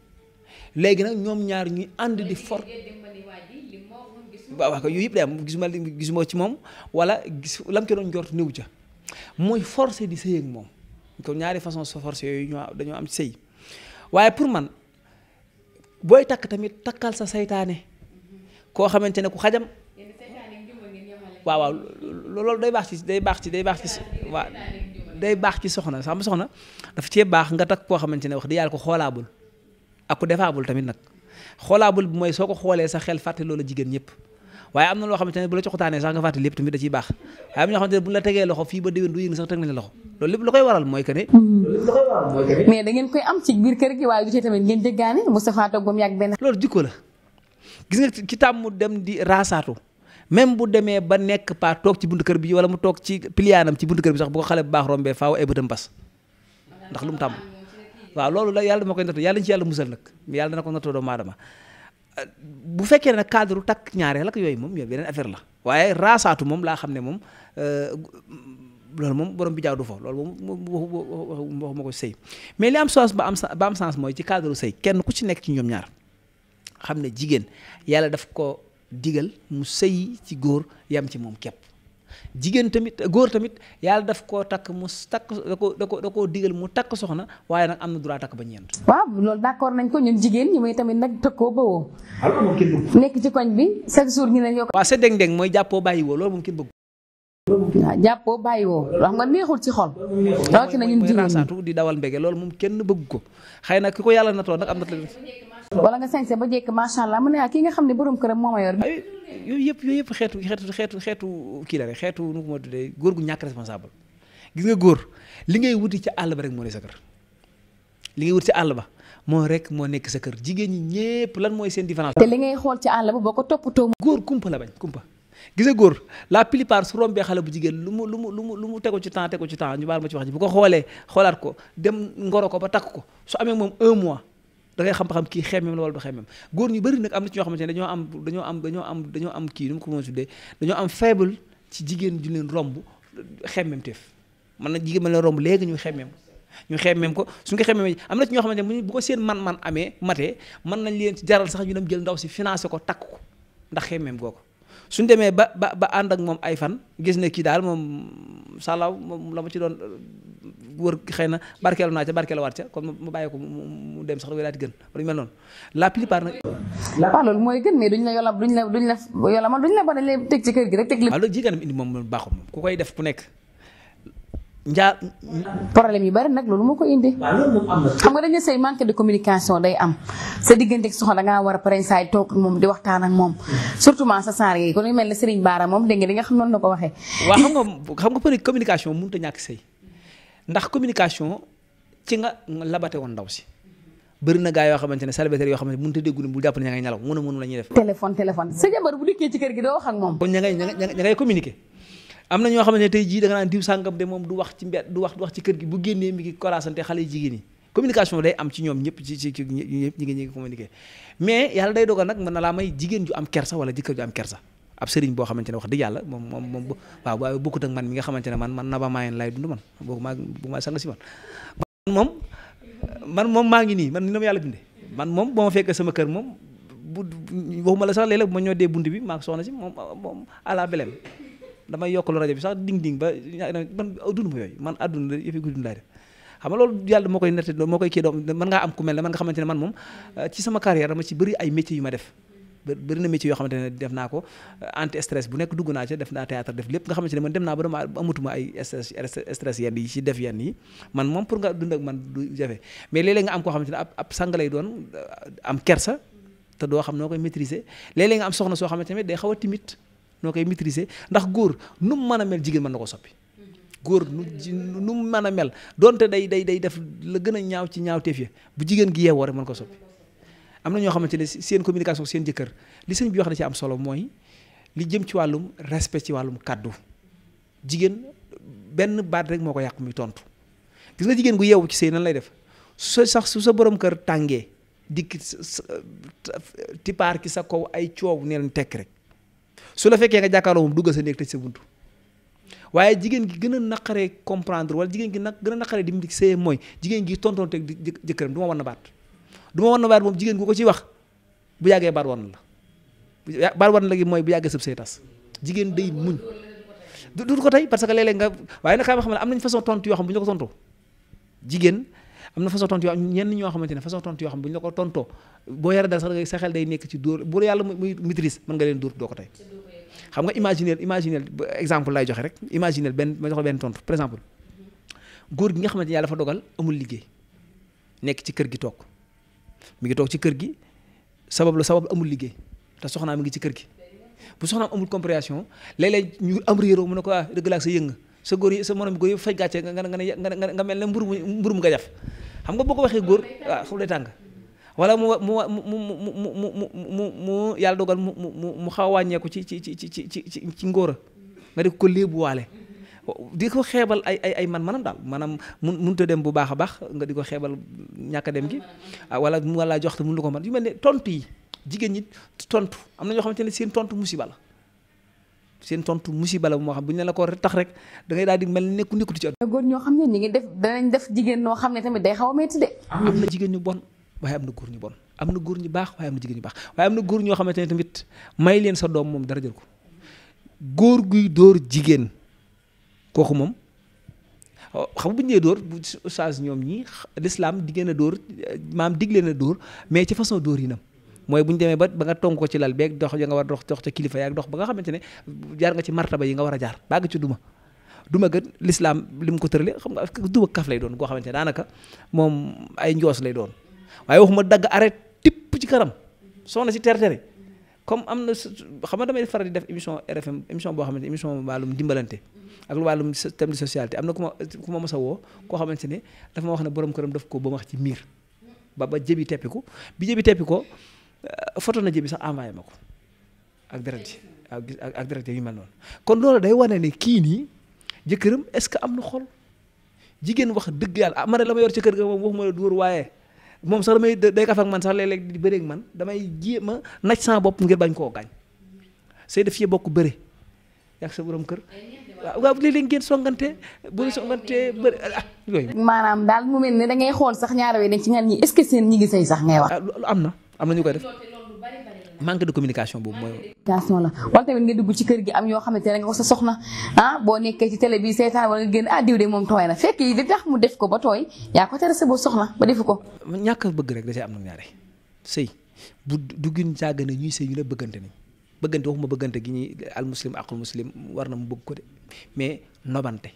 léegi nag ñoom ñaar ñuy ànd di for waaw waaw yooyu yëpp day am gisuma gisuma ci moom wala gis lam ci doon njort néew ca mooy force di sëy ak moom kon ñaari façon sa forcé yooyu ñoo dañoo am ci sëy waaye pour man booy takk tamit takkal sa saytaane koo xamante ne ku xajam waaw waaw loolu day baax ci day baax ci day baax ci waaw day baax ci soxna sama soxna dafa cee baax nga takk koo xamante ne wax di yàlla ko xoolaabul ak ku defaabul tamit nag xoolaabul bi mooy soo ko xoolee sa xel fàtte loolu jigéen ñëpp waaye am na loo xamante ne bu la ci xutaanee sax nga fàtte lépp tamit da ciy baax waaye am ñoo xamante ne bu la tegee loxo fii ba déwén du yëg sax teg nañ la loxo loolu lépp la hmm. la mais da ngeen koy am ci biir kër gi waaye du tee tamit ngeen déggaane ba mu yàgg benn loolu jikko la gis nga ki tàmm dem di raasaatu même bu demee ba nekk pa toog ci buntu kër bi wala mu toog ci piliyaanam ci buntu kër bi sax bu ko xale bu baax rombee faaw ay bëtam bas ndax lu mu tàmm waaw loolu la yàlla ma koy natt yàlla ñu ci yàlla musal nag yàlla dana ko nattoo doomu aadama bu fekkee ne kadru takk ñaareel ak yooyu moom yow beneen affaire la waaye rasaatu moom laa xam ne moom euh, loolu moom borom bi jaaw du fa loolu moom waxu ma ko sëy mais li am sens ba am ba am mooy ci cadre say kenn ku ci nekk ci ñoom ñaar xam ne jigéen yàlla daf ko digal mu sëy ci góor yam ci moom képp jigéen tamit góor tamit yàlla daf koo takk mu takk da ko da ko koo digal mu takk soxna waaye nag am na droit takk ba ñeent. waaw loolu d'accord nañ ko ñun jigéen ñi mooy tamit nag tëkkoo ba woo. nekk ci koñ bi chaque jour ñu ne ñoo ko. waaw sa deng-deng mooy jàppoo bàyyi woo loolu moom kenn bëgg. waaw jàppoo bàyyi woo xam nga neexul ci xol. rawatina ñun jigéen ñi di dawal mbege loolu moom kenn bëgg ko xëy na ki ko yàlla na natoo nag am na. wala nga sañse ba jekk macha allah mu ne ah, ki nga xam ne borom këram moo ma yor. yooyu yëpp yooyu yëpp xeetu xeetu xeetu xeetu kii la rek xeetu nu ko ma tuddee góor gu ñàkk responsable gis nga góor li ngay wuti ci àll ba rek moo sa li ngay wuti ci àll ba moo rek moo nekk sa kër jigéen ñi ñépp lan mooy seen différence. te li ngay xool ci àll ba boo ko toppatoo. góor kumpa la bañ kumpa gis nga góor la plupart su rombee xale bu jigéen lu mu lu mu lu mu lu mu tegu ci temps tegu ci temps ñu baal ma ci wax ji bu ko xoolee xoolaat ko dem ngoro ko ba takk ko su amee moom mois da ngay xam kii xemmem la wala du xemmem góor ñu bari nag am na ci ñoo xamante ne dañoo am dañoo am dañoo am dañoo am kii nu mu ko mën a dañoo am faible ci jigéen ju leen romb xemmem teef man na jigéen ma leen romb léegi ñu xemmem ñu xemmem ko su suñu ko xemmem am na ci ñoo xamante ne mu bu ko seen man-man amee matee mën nañ leen ci jaral sax ñu dem jël ndaw si financé ko takk ko ndax xemmem googu suñ demee ba ba ba ànd ak moom ay fan gis ne kii daal moom salaw moom la mu ci doon euh, wër xëy na barkeelu naa ca barkeelu waat ca kon mu bàyyi mu dem sax dafay daal di gën wala ñu mel noonu la plupart nag. loolu mooy gën mais duñ la yola duñ la duñ la yola man duñ la ba dañ lay teg ci kër gi rek teg la. waaw loolu jii kanam moom ku koy def ku nekk. njaa problème yi bari nag loolu moo ko indi. xam nga dañu say manque de communication day am sa diggante ak soxna da ngaa war a pare saa toog ak moom di waxtaan ak moom surtout sa saar yi kon ñu mel ne Serigne Bara moom dégg nga di nga xam noonu la ko waxee. waaw xam nga xam communication mënut a ñàkk sëy ndax communication ci nga labate woon ndaw si. bëri gaa yoo xamante ne célibataire yoo xamante ne mënut a déggu ne bu jàpp ne ña ñalaw mën a mënu moom. kon ña am na ñoo xam ne tey jii da nga naan sàngam de moom du wax ci mbedd du wax du wax ci kër gi bu génnee mi ngi koraasante xale jigéen ñi communication day am ci ñoom ñëpp ci ci ci ñëpp ñi ngi ñi ngi communiqué mais yàlla day dogal nag mën na am kersa boo xamante ne wax yàlla moom moom moom waaw waaye bokkut man ne man man naba maayen lay dund man boobu maa bu maa sang moom maa ngi nii man ni la ma yàlla binde man moom boo ma fekkee sama kër moom bu waxuma la sax léeg-léeg bu ma ñoo dee bunt bi maa soxna si moom moom àla belem damay yokk lu rajo bi sax ding-ding ba man dund ma yooyu man àdduna yëfi guddun laay moo koy nette moo koy kii doom mën ngaa am ku mel ne man nga xamante ne man moom euh, ci sama carrière dama ci bëri ay métiers yu ma def bëri na métier yoo xamante ne def naa ko euh, anti stress bu nekk dugg naa ca def naa théâtre def lépp nga xamante ne man dem naa ba dama amatuma ay def yenn yi man moom pour nga dund ak man du jafe mais léeg-léeg nga am koo xamante ne ab ab sang lay doon euh, am kersa te doo xam noo koy maîtriser léeg-léeg nga am soxna soo xamante ne day xaw a timide noo koy maîtriser ndax góor nu mu mën a mel jigéen mën na ko soppi. góor nu nu mu mën a mel donte day day day def la gën a ñaaw ci ñaaw ñaawteef ya bu jigéen gi yeewoo rek mën ko soppi. am na ñoo xamante ne seen communication seen jëkkër li sëñ bi wax na am solo mooy li jëm ci wàllum respect ci wàllum kàddu jigéen benn baat rek moo ko yàq muy tontu gis nga jigéen gu yeewu ci sëy nan lay def su sax su sa borom kër tàngee dikki tipaar ki sa kaw ay coow ne tekki rek. su la fekkee nga jàkkaarloo moom duggal sa néeg tëj sa buntu waaye jigéen gi gën a naqaree comprendre wala jigéen gi nag gën a naqaree dim di sëy mooy jigéen gi tontonteeg di jëkkëram du ma war na baat du ma baat moom jigéen gu ko ci wax bu yàggee baat war na la baat war na la gi mooy bu yàggee sëb say tas jigéen day muñ du ko tey parce que léeg nga waaye nag xam nga am nañ façon tont yoo xam bu ñu ko tontoo jigéen am na façon tontu yoo ñenn ñoo xamante ne façon tontu yoo xam bu ñu la ko tontoo boo yara dal sax sa xel day nekk ci dóor bu yàlla muy maîtrise mën nga leen dóor doo ko tey xam nga imaginer imaginer exemple lay joxe rek imaginer benn ma joxe benn tontu par exemple mhm. góor gi nga xamante ne yàlla dafa dogal amul liggéey nekk ci kër gi toog mi ngi toog ci kër gi sabab la sabab amul liggéey te soxnaa mi ngi ci kër gi bu soxnaam amul compréhension léeg ñu am réeroo mu ne ko ah dëgg yëng sa góor yi sa morom góor yi fay gàcce nga nga ne nga nga mel ne mburu mburu mu nga jaf xam nga boo ko waxee góor waaw xam day tàng wala mu mu mu mu mu mu mu yàlla dogal mu mu mu xaw wàññeeku ci ci ci ci ci ci ngóora nga di ko léebuwaale di ko xeebal ay ay ay man manam daal maanaam mun mënut dem bu baax a baax nga di ko xeebal ñàkk dem gi wala mu wala jox te mënu ko man yu mel ne tontu yi jigéen ñi tontu am na ñoo xamante ne seen tontu musiba la seen tontu musiba la moo xam bu ñu la ko tax rek da ngay daal di mel nekku nekkutu ci at góor ne ñi ngi def danañ def jigéen noo xam ne tamit day xaw a metti de ah, am na jigéen ñu bon waaye am na góor ñu bon am na góor ñu baax waaye am na jigéen ñu baax waaye am na góor ñoo xamante ne tamit may leen sa doom moom dara jël ko góor guy dóor jigéen kooku moom oh, xam bu ñu nee dóor bu ustaas ñoom ñi lislaam diggéen a dóor maam leen a dóor mais ci façon dóor yi nam mooy bu ñu demee ba ba nga tong ko ci lal beeg dox ya nga war dox dox ne jaar nga ci martaba yi nga war a jaar baa nga ci duma duma gën l'islam li mu ko tërale xam nga duma kaf lay doon goo xamante ne moom ay njoos lay doon waaye waxuma dagg arrêt tipp ci karam soxna si tertere comme am na xam nga damay faral def émission RFM émission boo xamante ne émission wàllum dimbalante ak wàllum thème de socialité am na ku ma ku ma mos a woo koo xamante ne dafa ma wax ne borom këram daf ko ba wax ci miir ba ba jëbi teppiku bi jëbi teppi ko Euh, photo na jëbi sax envoyé ma ko ak deret yi ak ak deret yu mel noonu kon loolu day wane ne kii nii jëkkëram est-ce que am na xol jigéen wax dëgg yàlla ah man la ma yor ci kër ga moom waxuma la dóor waaye moom sax damay day kaf man sax léeg-léeg di bëreeg man damay jéem a naj sama bopp ngir bañ koo gaañ say daf yee bokk bëre yàgg sa borom kër waaw waaw léeg-léeg ngeen songante bu songante bëri ah yooyu. maanaam daal mu mel ne da xool sax ñaar dañ ci ñaan ñi est seen ñi ngi say sax ngay wax. Ah, am na. am na ñu koy def manque de communication boobu mooy. communication la wala tamit nga dugg ci kër gi am yoo xamante ne nga ko sa soxna ah boo nekkee ci télé bi seetaan wala nga génn ah diw de moom tooy na fekk yi di tax mu def ko ba tooy yaa ko tere sa boo soxna ba defu ko. ñàkk bëgg rek da cee am na ñaare sëy bu duggin saaga ne ñuy sëy ñu la bëggante nañ bëggante waxuma bëggante gi ñuy al muslim aqul muslim war na mu bëgg ko de mais nobante.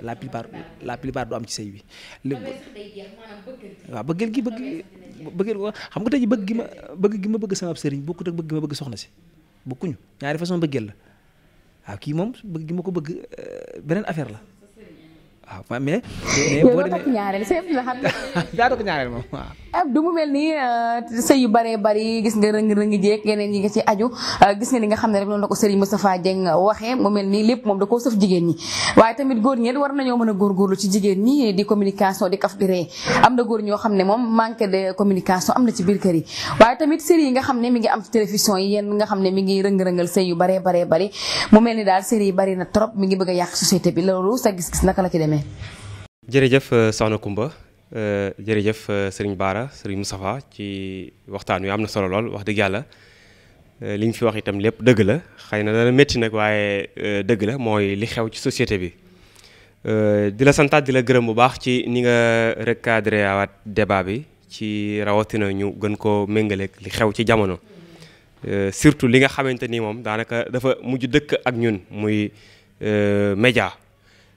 la plupart la plupart du ci sëy bi lépp bëggeel gi bëgg bëggeel ko xam nga tey ji bëgg gi ma bëgg gi ma bëgg sama sëriñ bokkut ak bëgg gi ma bëgg soxna si bokkuñu ñaari façon bëggeel la waaw kii moom bëgg gi ma ko bëgg euh, beneen affaire la waaw mais (laughs) mais boo demee (laughs) Eh, du mu mel ni eh, sëy yu bëree bëri gis nga rëng-rëng jeeg yeneen yi nga ci aju eh, gis nga ni nga xam ne rek noonu la ko Serigne Moustapha Dieng waxee mu mel nii lépp moom da koo sëf ñi waaye tamit góor ñi war nañoo mën a góorgóorlu ci jigéen ñi di communication di kaf di ree am na ñoo xam ne moom manque de communication am na ci biir kër yi waaye tamit série yi nga xam ne mi ngi am ci télévision yi yéen nga xam ne mi ngi rëng-rëngal sëy yu bëree bëree bëri mu mel ni daal série yi bëri na trop mi ngi bëgg a yàq société bi loolu sa gis-gis naka la ci demee jërëjëf soxna Kumba Euh, jërëjëf euh, sëriñ Baara sëriñ Moustapha ci waxtaan wi am na solo lool wax dëgg yàlla euh, li ñu fi wax itam lépp dëgg la xëy na dana métti nag waaye dëgg la mooy li xew ci société bi. di la santaat di la gërëm bu baax ci ni nga recadré waat débat bi ci rawatina ñu gën ko méngaleeg li xew ci jamono. surtout li nga xamante ni moom daanaka dafa mujj dëkk ak ñun muy média.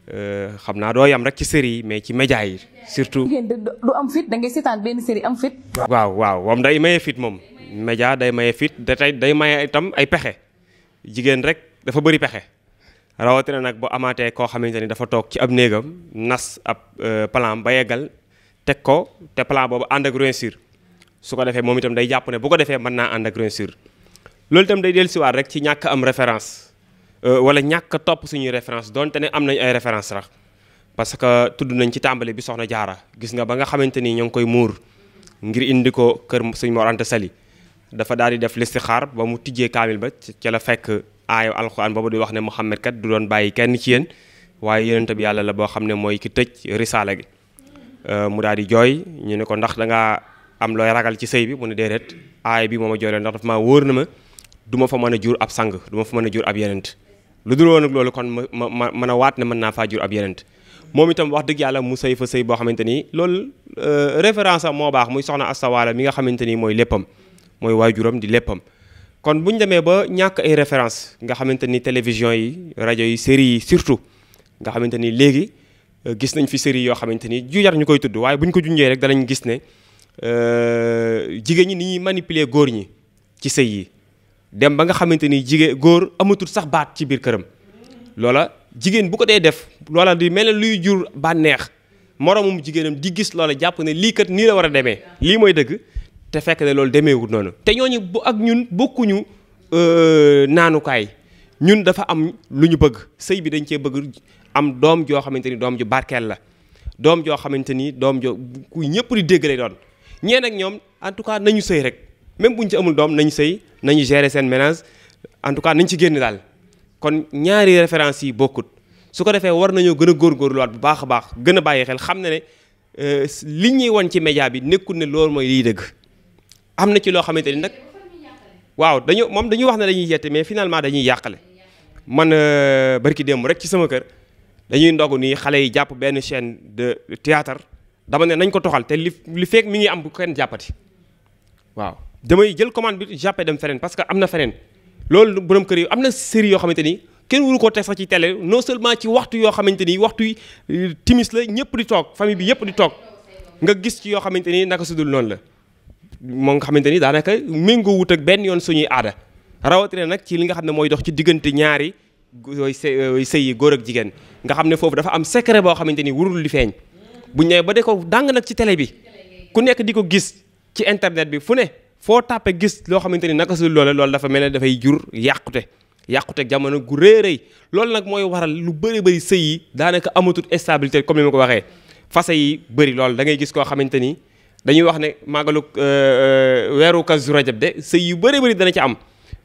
Euh, xam naa doo yam rek ci série yi mais ci média yi surtout. (laughs) du am fit da ngay benn série am fit. waaw waaw moom day maye fit moom. média day maye fit da tey day maye itam ay pexe jigéen rek dafa bëri pexe rawatina nag bu amaatee koo xamante ni dafa toog ci ab néegam nas ab euh, plan ba yeggal teg ko te plan boobu ànd ak réussir su ko defee moom itam day jàpp ne bu ko defee man naa ànd ak réussir loolu itam day dellusiwaat rek ci ñàkk am référence. Euh, wala ñàkk topp suñuy référence donte ne am nañ ay référence sax parce que tudd nañ ci tàmbali bi soxna jaara gis nga ba nga xamante ni ñoo ngi koy muur ngir indi ko kër suñ Mor Anta Sali dafa daal di def listixaar ba mu tijjee kaamil ba ca la fekk aayu alxuraan boobu di wax ne Muhammad kat du doon bàyyi kenn ci yéen waaye yonent bi yàlla la boo xam ne mooy ki tëj risaala gi euh, mu daal di jooy ñu ne ko ndax da ngaa am looy ragal ci sëy bi mu ne déedéet aay bi mooma jooyloo ndax dafa maa wóor na ma du ma fa mën a jur ab sang du fa mën a jur ab yonent lu dul loolu kon ma ma mën a waat na mën naa faa jur ab yenent moom itam wax dëgg yàlla mu sëy fa sëy boo xamante ni loolu euh, référence am moo baax muy soxna sa astawaala mi nga xamante ni mooy léppam mooy waajuram di léppam kon bu ñu demee ba ñàkk ay référence nga xamante ni télévision yi rajo yi série yi surtout nga xamante ni léegi euh, gis nañ fi série yoo xamante ni ju jar ñu koy tudd waaye bu ñu ko junjee rek danañ gis ne euh, jigéen ñi ni ñuy góor ñi ci sëy yi dem ba nga xamante ni jigéen góor amatul sax baat ci biir këram loola jigéen bu ko dee def loola di mel ne luy jur bànneex moromum jigéenam di gis loola jàpp ne lii kat nii la war a demee lii mooy dëgg te fekk ne loolu demeewul noonu te ñoo ñooñu bu ak ñun bokkuñu euh, naanukaay ñun dafa am lu ñu bëgg sëy bi dañ cee bëgg am doom joo xamante ni doom ju barkeel la doom joo xamante ni doom joo ku ñëpp di dégg lay doon ñeen ak ñoom en tout cas nañu sëy rek même bu ñu ci amul doom nañu sëy nañu gere seen ménage en tout cas nañ ci génn daal kon ñaari référence yi bokkut su ko defee war nañoo gën a góorgóorluwaat bu baax a baax gën a bàyyi xel xam na ne euh, li ñuy won ci média bi nekkul ne loolu mooy liy dëgg am na ci loo xamante ni nag waaw dañu moom dañu wax ne dañuy yette mais finalement dañuy yàqale man euh, barki démb rek ci sama kër dañuy ndogu nii xale yi jàpp benn chaine de théâtre dama ne nañ ko toxal te li li fekk mi ngi am bu kenn jàppati waaw damay jël commande bi jàppe dem feneen parce que am na feneen loolu boroom kër yi am na série yoo xamante ni kenn wuru ko teg sax ci tele non seulement ci waxtu yoo xamante ni waxtu euh, timis la ñëpp di toog famille bi yëpp di toog nga gis ci yoo xamante ni naka sudul noonu la moo nga xamante ni daanaka méngoo wut ak benn yoon suñuy aada rawatina nag ci li nga xam ne mooy dox ci diggante ñaari yooyu sëy sëy góor ak jigéen nga xam ne foofu dafa am secret boo xamante ni wurul di feeñ buñ ñëwee ba de ko dàng nag ci télé bi ku nekk di ko gis ci internet bi fu ne foo tàppe gis loo xamante ni naka su loole loolu dafa mel ne dafay jur yàqute yàqute jamono gu rëy rëy loolu nag mooy waral lu bëri bëri sëy yi daanaka amatut stabilité comme ni ma ko waxee fase yi bëri loolu dangay gis koo xamante ni dañuy wax ne màggalu euh, euh, weeru Kazu Rajab de sëy yu bëri bëri dana ci am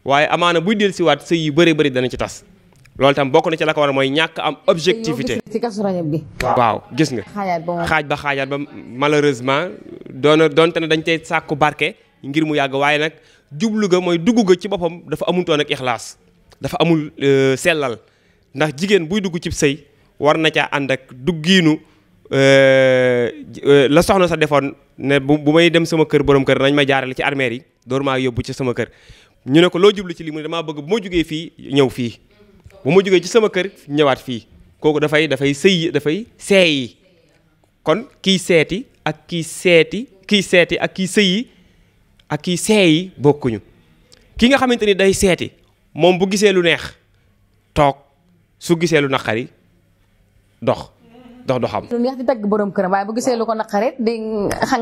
waaye amaana buy del siwaat sëy yu bëri bëri dana ci tas loolu tam bokk na ci la ko war mooy ñàkk am objectivité ci Kazu Rajab bi waaw gis nga xaaj ba xaajaat ba malheureusement doona doonte ne dañ cey sàkku barke ngir mu yàgg waaye nag jublu ga mooy duggu ga ci boppam dafa amutoon ak ixlaas dafa amul euh, sellal ndax jigéen buy dugg cib sëy war na caa ànd ak duggiinu euh, la soxna sa defoon ne bu bu may dem sama kër borom kër nañ ma jaarale ci armeer yi door maa yóbbu ci sama kër ñu ne ko loo jublu ci li mu ne damaa bëgg bu ma jugee fii ñëw fii bu ma jugee ci sama kër ñëwaat fii kooku dafay dafay sëy dafay seeyi kon kiy seeti ak kiy seeti kiy seeti ak kiy sëyi ak kii seey yi bokkuñu ki nga xamante ni day seeti moom bu gisee lu neex toog su gisee lu naqari dox dox doxam. lu neex di tagg borom këram waaye bu gisee lu ko naqari day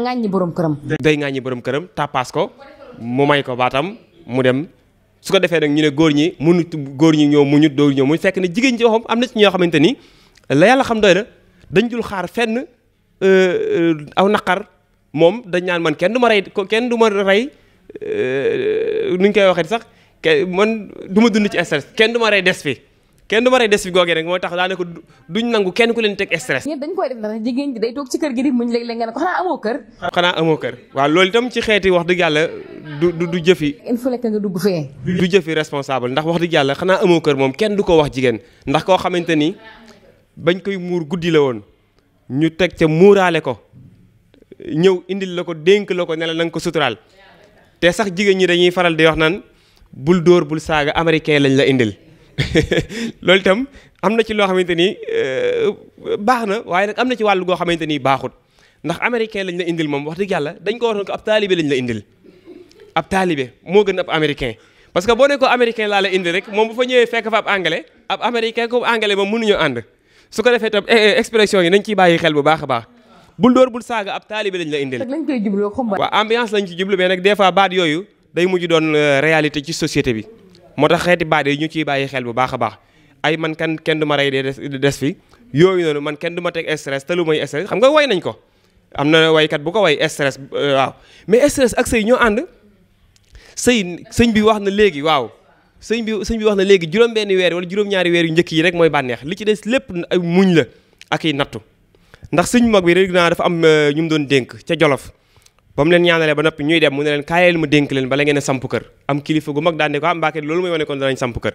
ŋàññi borom këram. day ŋàññi borom këram tàppaas ko mu may ko baatam mu dem su ko defee nag ñu ne góor ñi munut góor ñi ñoo muñut doo ñoo mu fekk ne jigéen ci waxam am na ci ñoo xamante ni la yàlla xam doy na dañ jul xaar fenn euh, euh, aw naqar. moom dañ ñaan man kenn du ma rey kenn du ma rey euh, nuñ koy waxee sax ke man du ma dund ci stress kenn du ma rey des fi kenn du ma rey des fi googee rek mooy tax ko duñ nangu kenn ku leen teg stress. ñun dañ koy jigéen ji day toog ci kër gi di muñ léeg-léeg ne ko xanaa amoo xanaa amoo kër waaw loolu itam ci xeeti wax dëgg yàlla du du du jëfi. il dugg fee. du jëfi responsable ndax wax dëgg yàlla xanaa amoo kër moom kenn du ko wax jigéen ndax koo xamante ni bañ koy muur guddi la woon ñu teg ca muuraale ko. ñëw indil la ko dénk la ko ne la na nga ko suturaal te sax jigéen ñi dañuy faral di wax naan bul dóor bul saaga américain lañ la indil (laughs) loolu itam am na ci loo xamante ni euh, baax na waaye nag am na ci wàllu goo xamante ni baaxut ndax américain lañ la indil moom wax dëgg yàlla dañ ko waroon ko ab taalibe lañ la indil ab taalibe moo gën ab américain parce que boo ne ko américain laa la indil rek moom bu fa ñëwee fekk fa ab anglais ab américain ko anglais moom mënuñoo ànd su ko defee tam eh, eh, expression yi nañ ciy bàyyi xel bu baax a baax bul dóor bul saaga ab taalibe lañ la indil. lañ koy jublu waaw ambiance lañ ci jublu mais nag des fois baat yooyu day mujj doon euh, réalité ci société bi moo tax xeeti baat yi ñu ciy bàyyi xel bu baax a baax ay man kan kenn du ma rey de des fi yooyu noonu man kenn du ma teg stress te lu mooy stress xam nga way nañ ko am na woykat bu ko way stress euh, waaw mais stress ak sëy ñoo ànd sëy sëñ bi wax na léegi waaw sëñ bi sëñ bi wax na léegi juróom-benni weer wala juróom-ñaari weer yi rek li ci des lépp ay muñ la ak i nattu ndax suñ mag bi rek naa dafa am euh, ñu mu doon dénk ca jolof ba mu leen ñaanalee ba noppi ñuy dem mu ne leen kaay leen ma dénk leen bala ngeen a samp kër am kilifa gu mag daan ne ko am ah, mbaake loolu mooy wane kon danañ samp kër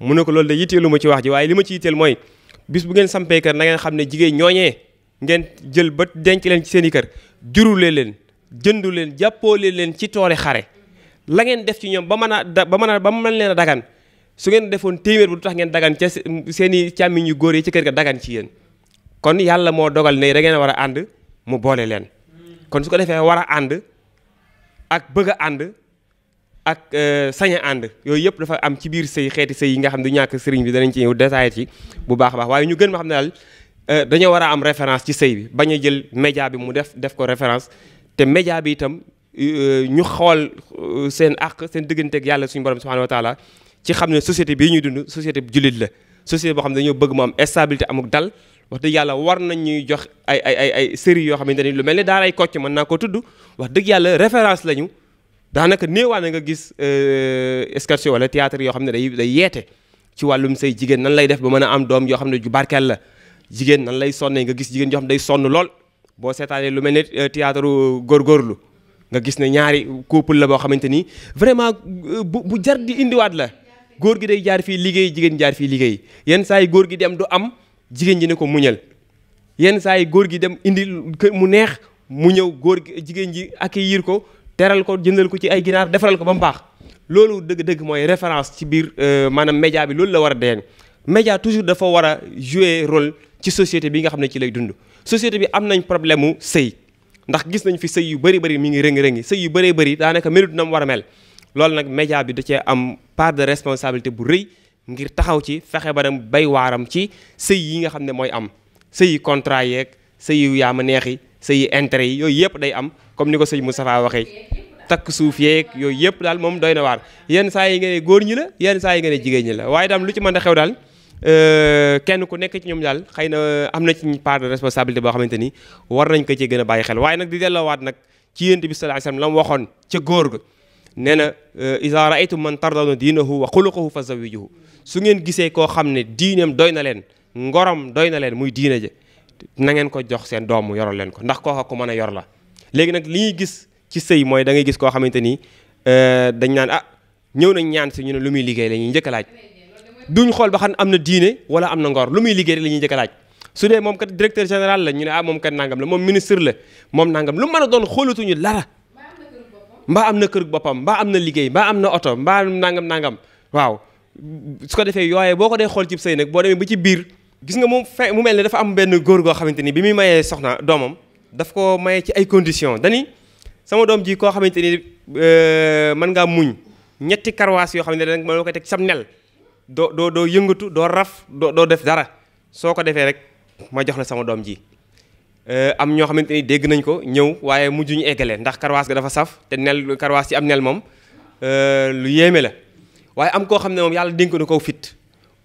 mu ne ko loolu de yitteelu ma ci wax ji waaye li ma ci yitteel mooy bis bu ngeen sampee kër na ngeen xam ne jigéen ñooñee ngeen jël ba denc leen ci seen i kër jurule leen jëndu leen jàppoole leen ci toole xare la ngeen def ci ñoom ba mën a ba mën a ba mën leen a dagan su ngeen defoon téeméer tax ngeen dagan ca seen i càmmiñ yu góor yi ci kër ga dagan ci yéen kon yàlla moo dogal ne da ngeen war a ànd mu boole leen kon su ko defee war a ànd ak bëgg a ànd ak euh, sañ a ànd yooyu yëpp dafa am ci biir sëy xeeti sëy yi nga xam ne du ñàkk sëriñ bi danañ ci détaillé ci bu baax a waaye ñu gën ma xam ne daal euh, dañoo war am référence ci sëy bi bañ a jël média bi mu def def ko référence te média bi itam euh, ñu xool seen àq seen digganteeg yàlla suñu borom subhanahu wa taala ci xam ne société bii ñuy dund société jullit la société boo xam ne dañoo bëgg mu am stabilité amuk dal wax dëgg yàlla war nañ ñuy jox ay ay ay ay séries yoo xamante ni lu mel ni daaray Kocc mën naa ko tudd wax dëgg yàlla référence lañu daanaka néewaa na nga gis sketch wala théâtre yoo xam ne day day yeete ci wàllum say jigéen nan lay def ba mën a am doom yoo xam ne ju barkeel la jigéen nan lay sonne nga gis jigéen yoo xam day sonn lool boo seetaanee lu mel ne euh, théâtre góorgóorlu nga gis ne ñaari couple la boo xamante ni vraiment euh, bu bu jar di indiwaat la góor gi day jaar fii liggéey jigéen jaar fii liggéey yenn saa yi góor gi dem du am jigéen ji ne ko mu muñal yenn saa yi góor gi dem indi kër mu neex mu ñëw góor gi jigéen ji ak yiir ko teral ko jëndal ko ci ay ginaar defaral ko ba mu baax loolu dëgg-dëgg mooy référence ci biir euh, maanaam média bi loolu la war a deen média toujours dafa war a jouer rôle ci société bi nga xam ne ci lay dund société bi am nañ problème mu sëy ndax gis nañ fi sëy yu bari bari mi ngi rëngi-rëngi sëy yu bëree bëri daanaka melut na mu war a mel loolu nag média bi da cee am part de responsabilité bu rëy ngir taxaw ci fexe ba dem bay waaram ci sëy yi nga xam ne mooy am sëy yi contrat yeeg sëy yu yaama neexi sëy yi intérêt yi yooyu yëpp day am comme ni ko sëy Moustapha waxee takk suuf yeeg yooyu yëpp daal moom doy na waar yenn saa yi nga ne góor ñi la yenn saa yi nga ne jigéen ñi la waaye daam lu ci mën a xew daal euh, kenn ku nekk ci ñoom daal xëy na am na ci part de responsabilité boo xamante ni war nañ ko ci gën a bàyyi xel waaye nag di delloowaat nag ci yént bi sallallahu la mu waxoon ca góor ga nee na euh, iza raaytum man tardawna diinahu wa xuluqahu fa zawijuhu su ngeen gisee koo xam ne diineem doy na leen ngorom doy na leen muy diine je na ngeen ko jox seen doomu yoral leen ko ndax koo ko mën a yor la léegi nag li ñuy gis ci sëy mooy dangay gis koo xamante ni euh, dañ naan ah ñëw na ñaan si ñu ne lu muy liggéey la ñuy njëkk a laaj duñ xool ba xam am na diine wala am na ngor lu muy liggéey la ñuy njëkk laaj su dee moom kat directeur général la ñu ne ah, moom kat nangam la moom ministre la moom nangam lu mën a xoolatuñu dara mbaa am na kër boppam mbaa am na liggéey mbaa am na oto mbaa nangam nangam waaw su ko defee yooyee boo ko dee xool cib sëy nag boo demee ba ci biir gis nga mu fe mu mel ne dafa am benn góor goo xamante ni bi muy mayee soxna doomam daf koo mayee ci ay conditions dani sama doom ji koo xamante ni euh, mën ngaa muñ ñetti karwaas yoo xam ne ma mën ko teg sam nel doo doo doo yëngatu doo raf doo doo def dara soo ko defee rek ma jox la sama doom ji Euh, am ñoo xamante ni dégg nañ ko ñëw waaye mujj ñu eggale ndax karwaas ga dafa saf te nel karwaas ci am nel moom euh, lu yéeme la waaye am koo xam ne moom yàlla dénk na ko fit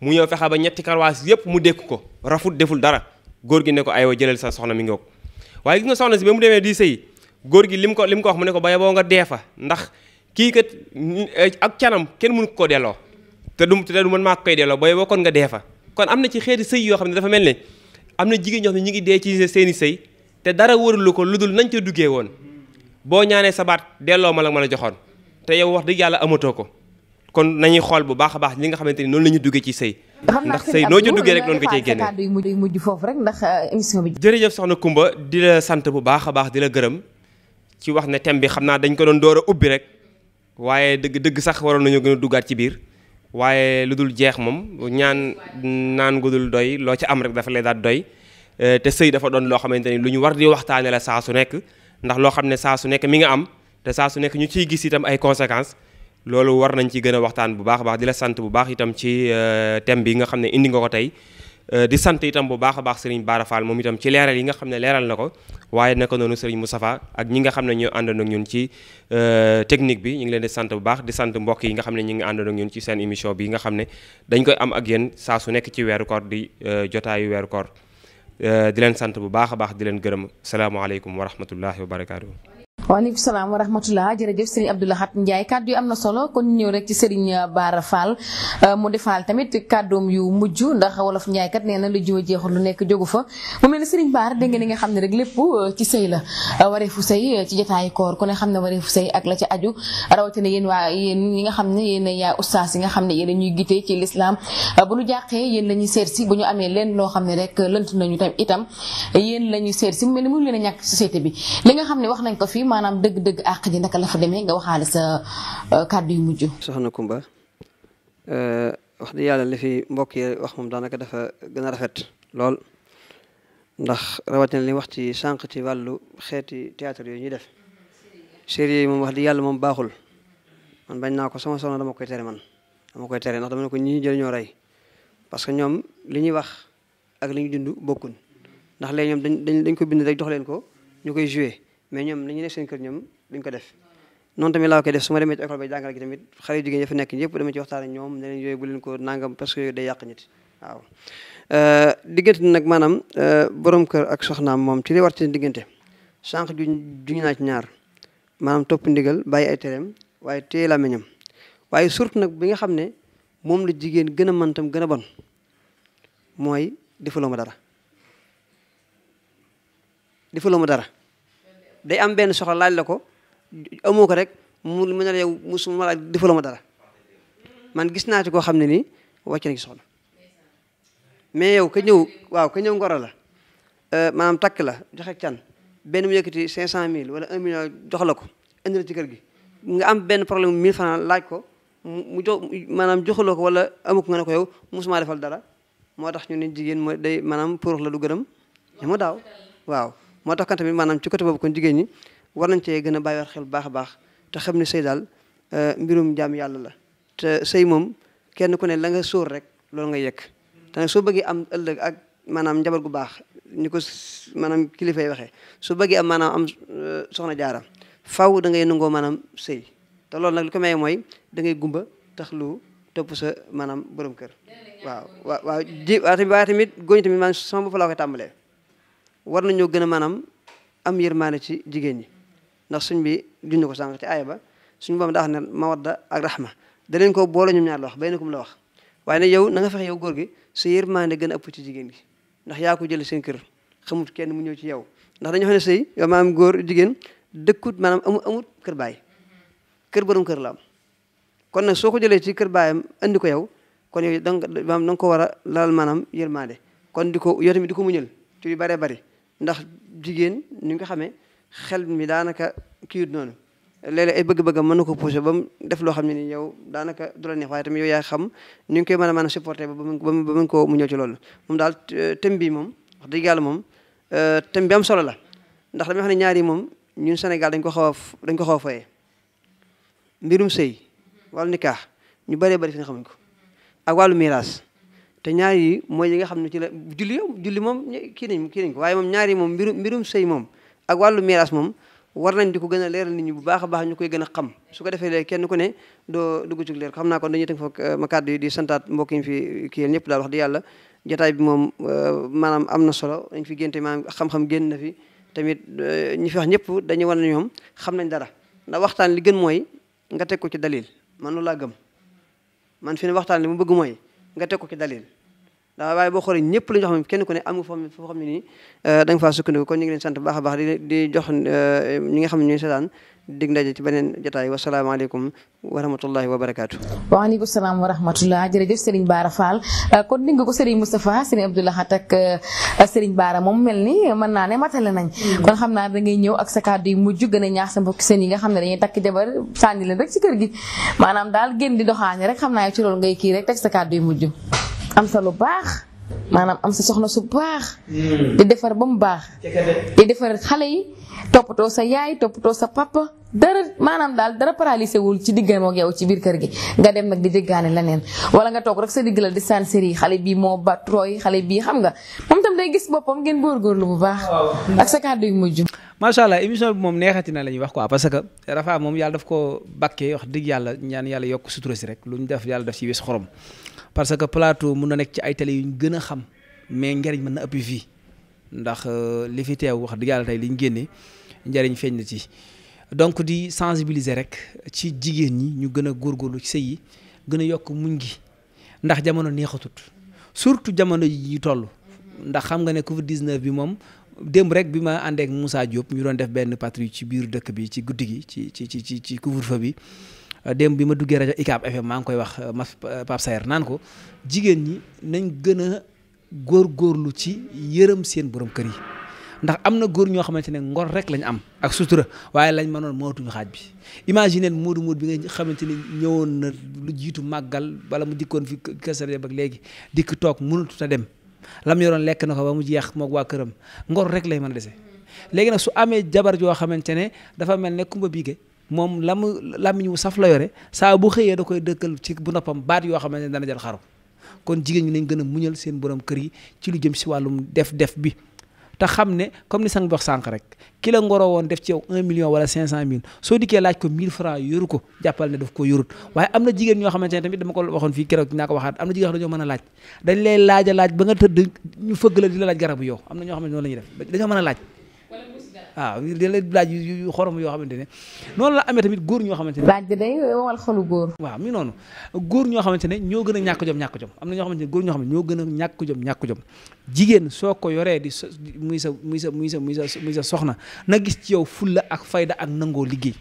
mu ñëw fexe ba ñetti karwaas yépp mu dékk ko rafut deful dara góor gi ne ko ay aywa jëlal sa soxna mi ngi waaye gis nga soxna si ba mu demee di sëy góor gi lim ko lim ko wax mu ne ko bay boo nga dee fa ndax kii kat eh, ak canam kenn mënu ko delloo te du te du man maa koy delloo bay boo kon nga dee fa kon am na ci xeeti sëy yoo xam ne dafa mel ne am na jigéen ñoo xam ne ñu ngi dee ci seeni sëy te dara wërulu ko lu dul nañ ca duggee woon boo ñaanee sa baat delloo ma la ma la joxoon te yow wax dëgg yàlla amatoo ko kon nañuy xool bu baax a baax li nga xamante ni noonu la ñu duggee ci sëy ndax sëy noo ca duggee rek noonu ko cay génne mujj foofu rek ndax euh, émission bi jërëjëf soxna Kumba di la sant bu baax a baax di la gërëm ci wax ne thème bi xam naa dañ ko doon door a ubbi rek waaye dëgg dëgg sax waroon nañu gën a duggaat ci biir waaye lu dul jeex moom ñaan naan gu dul doy loo ci am rek dafa lee daal doy euh, te sëy dafa doon loo xamante ni lu ñu war di waxtaane la saa su nekk ndax loo xam ne saa su nekk mi nga am te saa su nekk ñu ciy gis itam ay conséquence loolu war nañ ci gën a waxtaan bu baax a baax di la sant bu baax itam ci euh, thème bi nga xam ne indi nga ko tey euh, di sant itam bu baax a baax sëriñ Bara Fall moom itam ci leeral yi nga xam ne leeral na ko waaye naka noonu sëriñ Moustapha ak ñi nga xam ne ñoo àndoon ak ñun ci euh, technique bi ñu ngi leen di sant bu baax di sant mbokk yi nga xam ne ñu ngi àndoon ak ñun ci seen émission bi nga xam ne dañ koy am ak yéen saa su nekk ci weeru koor di euh, jotaayu weeru koor euh, di leen sant bu baax a baax di leen gërëm salaamaaleykum wa rahmatullahi wa barakaatu. waaleykum salaam wa rahmatulah jërëjëf sëriñ Abdou Lahad Ndiaye kàddu yi am na solo kon ñëw rek ci sëriñ Bara Fall euh, mu defaal tamit kàddoom yu mujj ndax wolof Ndiaye kat nee na lu jiw a jeexul lu nekk jogu fa mu mel ne sëriñ Bara dégg nga ni nga xam ne rek lépp euh, ci sëy la euh, wareefu sëy ci jotaayu koor ku ne xam ne wareefu sëy ak la ci aju rawatina yéen waa yéen ñi nga xam ne yéen yaay ustaas yi nga xam ne yéen ñuy gitee ci lislaam bu ñu jàqee yéen la ñuy seet si bu ñu amee leen loo xam ne rek lënt nañu tam itam yéen la ñuy seet si mu mel ne mënu leen a ñàkk société bi li nga xam ne wax nañ ko fii maanaam dëgg-dëgg àq ji naka la fa demee nga waxaale sa euh, kàddu yu mujj. soxna Kumba euh, wax dëgg yàlla li fi mbokk yi wax moom daanaka dafa gën a rafet lool ndax rawatina li wax ci sànq ci wàllu xeeti théâtre yooyu ñuy def série yi moom wax di yàlla moom baaxul man bañ naa ko sama soxna dama koy tere man dama koy tere ndax dama ne ko ñi ñoo rey parce que ñoom li ñuy wax ak li ñu dund bokkuñ ndax léegi ñoom dañ dañ ko bind rek jox leen ko ñu koy joué mais ñoom li ñu def seen kër ñoom duñ ko def noonu tamit laa koy def su ma demee ci école ba jàngale gi tamit xale yu jigéen ya fa nekk yëpp dama ci waxtaan ak ñoom ne leen yooyu bu leen ko nangam parce que yooyu day yàq nit waaw euh, diggante nag maanaam euh, borom kër ak soxnaam moom ci li war ci diggante sànq juñu naa ñaar maanaam topp ndigal bàyyi ay tereem waaye téye làmmiñam waaye surtout nag bi nga xam ne moom la jigéen gën a mën tam gën a bon mooy defaloo ma dara defaloo ma dara day am benn soxla laaj la ko amoo ko rek mu mu ne la yow musuma ma dara man gis naa ci koo xam ne nii wàcc na ci soxla mais yow ka ñëw waaw ka ngoro la euh, maanaam takk la joxe can benn mu yëkkati cinq cent mille wala un million jox la ko indi ci kër gi nga am benn problème mille franc laaj ko mu jox maanaam joxuloo ko wala amuk nga ne ko yow musuma defal dara moo tax ñu ne jigéen mooy day maanaam pour la du gërëm ña daaw waaw moo tax kan tamit maanaam ci côté boobu kon jigéen ñi war nañ cee gën a bàyyi xel baax a baax te xam ne sëy daal euh, mbirum jaam yàlla la te sëy moom kenn ku ne la nga sóor rek loolu nga yekk te nag soo bëggee am ëllëg ak maanaam njabar gu baax ni ko maanaam kilifay waxee soo bëggee am maanaam am euh, soxna jaara faaw da ngay nangoo maanaam sëy te loolu nag li ko may mooy dangay gumba tax lu topp sa maanaam borom kër waaw waaw waaw ji waaye tamit góoñ tamit maanaam sama bopp laa koy tàmbalee war nañoo gën a maanaam am yërmaane ci jigéen ñi ndax suñ bi junñu ko sànq ci aaya ba suñu boom daa wax ne mawadda ak rahma da ko boole ñoom ñaar la wax baynakum la wax waaye nag yow na nga fexe yow góor gi sa yërmaane gën a ëpp ci jigéen gi ndax yaa ko jële seen kër xamut kenn mu ñëw ci yow ndax dañoo xam ne sëy yow maanaam góor jigéen dëkkut maanaam amut amut kër baay kër borom kër la kon nag soo ko jëlee ci kër baayam andi ko yow kon yow da nga maanaam ko war a laal maanaam yërmaande kon di ko yow tamit di ko muñal ci yu bare bari ndax jigéen ni nga xamee xel mi daanaka kiiut noonu léeg ay bëgg-bëggam mën na ko poussé ba mu def loo xam ne ni yow daanaka du la neex waaye tamit yow yaa xam ni nga koy mën a mën a supporté ba ba mën koo mu ñëw ci loolu moom daal euh, thème bi moom wax dëgg yàlla moom euh, thème bi am solo la ndax damay xam ne ñaar moom ñun Sénégal dañ ko xaw a dañ ko xaw a fayee mbirum sëy wàllu nikaax ñu bëree bari fi nga xamuñ ko ak wàllu miraas te ñaari mooy yi nga xam ne ci la julli yow julli moom kii nañ kii nañ ko waaye moom ñaar moom mbirum mbirum sëy moom ak wàllu miraas moom war nañ di ko gën a leeral nit ñi bu baax a baax ñu koy gën a xam su ko defee léegi kenn ku ne doo dugg ci leer xam naa kon dañuy tënk fa euh, ma kàddu yi di santaat mbokk yi fi kii ñëpp daal wax di yàlla jotaay bi moom euh, maanaam am na solo dañ fi génte maanaam xam-xam na fi tamit euh, ñi fi wax ñëpp dañuy wan ne ñoom xam nañ dara ndax waxtaan li gën mooy nga teg ko ci dalil man loolu laa gëm man fi ne waxtaan li mu bëgg mooy nga teg ko ci dalil daa waaye boo xoolee ñëpp la ñu xam kenn ku ne amu foo xam ne nii euh, da nga faa sukkandiku kon ñu ngi leen sant bu baax a baax di di jox euh, ñi nga xam ne ñooy seetaan dig ndaje ci beneen jotaay wasalaamaaleykum wa rahmatullahi wa barakaatu. waaleykum salaam wa rahmatullah jërëjëf Serigne Bara Fall euh, kon ni nga ko Serigne Moustapha Serigne Abdou Lahat ak Serigne Bara moom mel ni mën naa ne matale nañ. Hmm. kon xam naa da ngay ñëw ak sa kàddu yu mujj gën a ñaax sa mbokk seen yi nga xam ne dañuy takk jabar sànni leen rek ci kër gi maanaam daal génn di doxaani rek xam naa ci loolu ngay kii rek teg sa kàddu yu am sa lu baax maanaam am sa soxna su baax. Hmm. di defar ba mu baax. di defar xale yi toppatoo sa yaay toppatoo sa papa dara maanaam daal dara paralysé wul ci diggam ak yow ci biir kër gi nga dem nag di jéggaane leneen wala nga toog rek sa digg la di saan séri xale bi moo ba tooy xale bii xam nga moom tam day gis boppam ngeen góorgóorlu bu baax. ak sa kàddu yu mujj. macha allah émission bi moom neexati na la ñuy wax ko parce que Rafa moom yàlla daf ko bakkee wax dëgg yàlla ñaan yàlla yokk sutura si rek lu ñu def yàlla daf ci wis xorom. parce que plateau mun na nekk ci ay télé yu ñu gën a xam mais njariñ mën na ëpp fii ndax euh, li fi teew wax dëgg yàlla tey li ñu njariñ feeñ na ci donc di sensibiliser rek ci jigéen ñi ñu gën a góorlu ci sëy yi gën a yokk muñ gi ndax jamono neexatut surtout jamono yi ñu toll ndax xam nga ne Covid 19 bi moom démb rek bi ma àndeek Moussa Diop ñu doon def benn patrouille ci biir dëkk bi ci guddi gi ci ci ci ci couvre-feu bi Euh, démb bi ma duggee rajo ICAP FM maa ngi koy wax euh, mas euh, Pape naan ko jigéen ñi nañ gën a góorgóorlu ci yërëm seen borom kër yi ndax am na góor ñoo xamante ne ngor rek lañ am ak sutura waaye lañ mënoon mootuñu xaaj bi imagineel moodu mood bi nga xamante ni ñëwoon na lu jiitu màggal bala mu dikkoon fi kesare ak léegi dikk toog mënatut a dem lam yoroon lekk na ko ba mu jeex moog waa këram ngor rek lay mën a dese léegi nag su amee jabar joo xamante ne dafa mel ne kumba biige moom la mu làmmiñ wu saf la yore saa bu xëyee da koy dëkkal ci bu noppam baat yoo xamante ni dana jar xaru kon jigéen ñi nañ gën a muñal seen borom kër yi ci lu jëm si wàllum def-def bi te xam ne comme ni sang bi wax rek ki ngoro woon def ci yow 1 million wala 500000 soo dikkee laaj ko 1000 francs am na jigéen ñoo xamante ne tamit dama ko waxoon fii keroog naa ko waxaat am na jigéen dañoo mën a laaj dañ lay laaj a laaj ba nga tëdd ñu fëgg la di la laaj garabu yow am na ñoo xam ne noonu la ñuy mën a laaj waaw di la laaj yu xorom yoo xamante ne noonu la amee tamit góor ñoo xamante ne laaj bi day wal xolu góor waaw mi noonu góor ñoo xamante ne ñoo gën a ñàkk jom ñàkk jom am na ñoo xamante ne góor ñoo xam ne a ñàkk jom ñàkk jom jigéen soo ko yoree di muy sa muy sa muy sa muy sa muy sa soxna na gis ci yow fulla ak fayda ak nangoo liggéey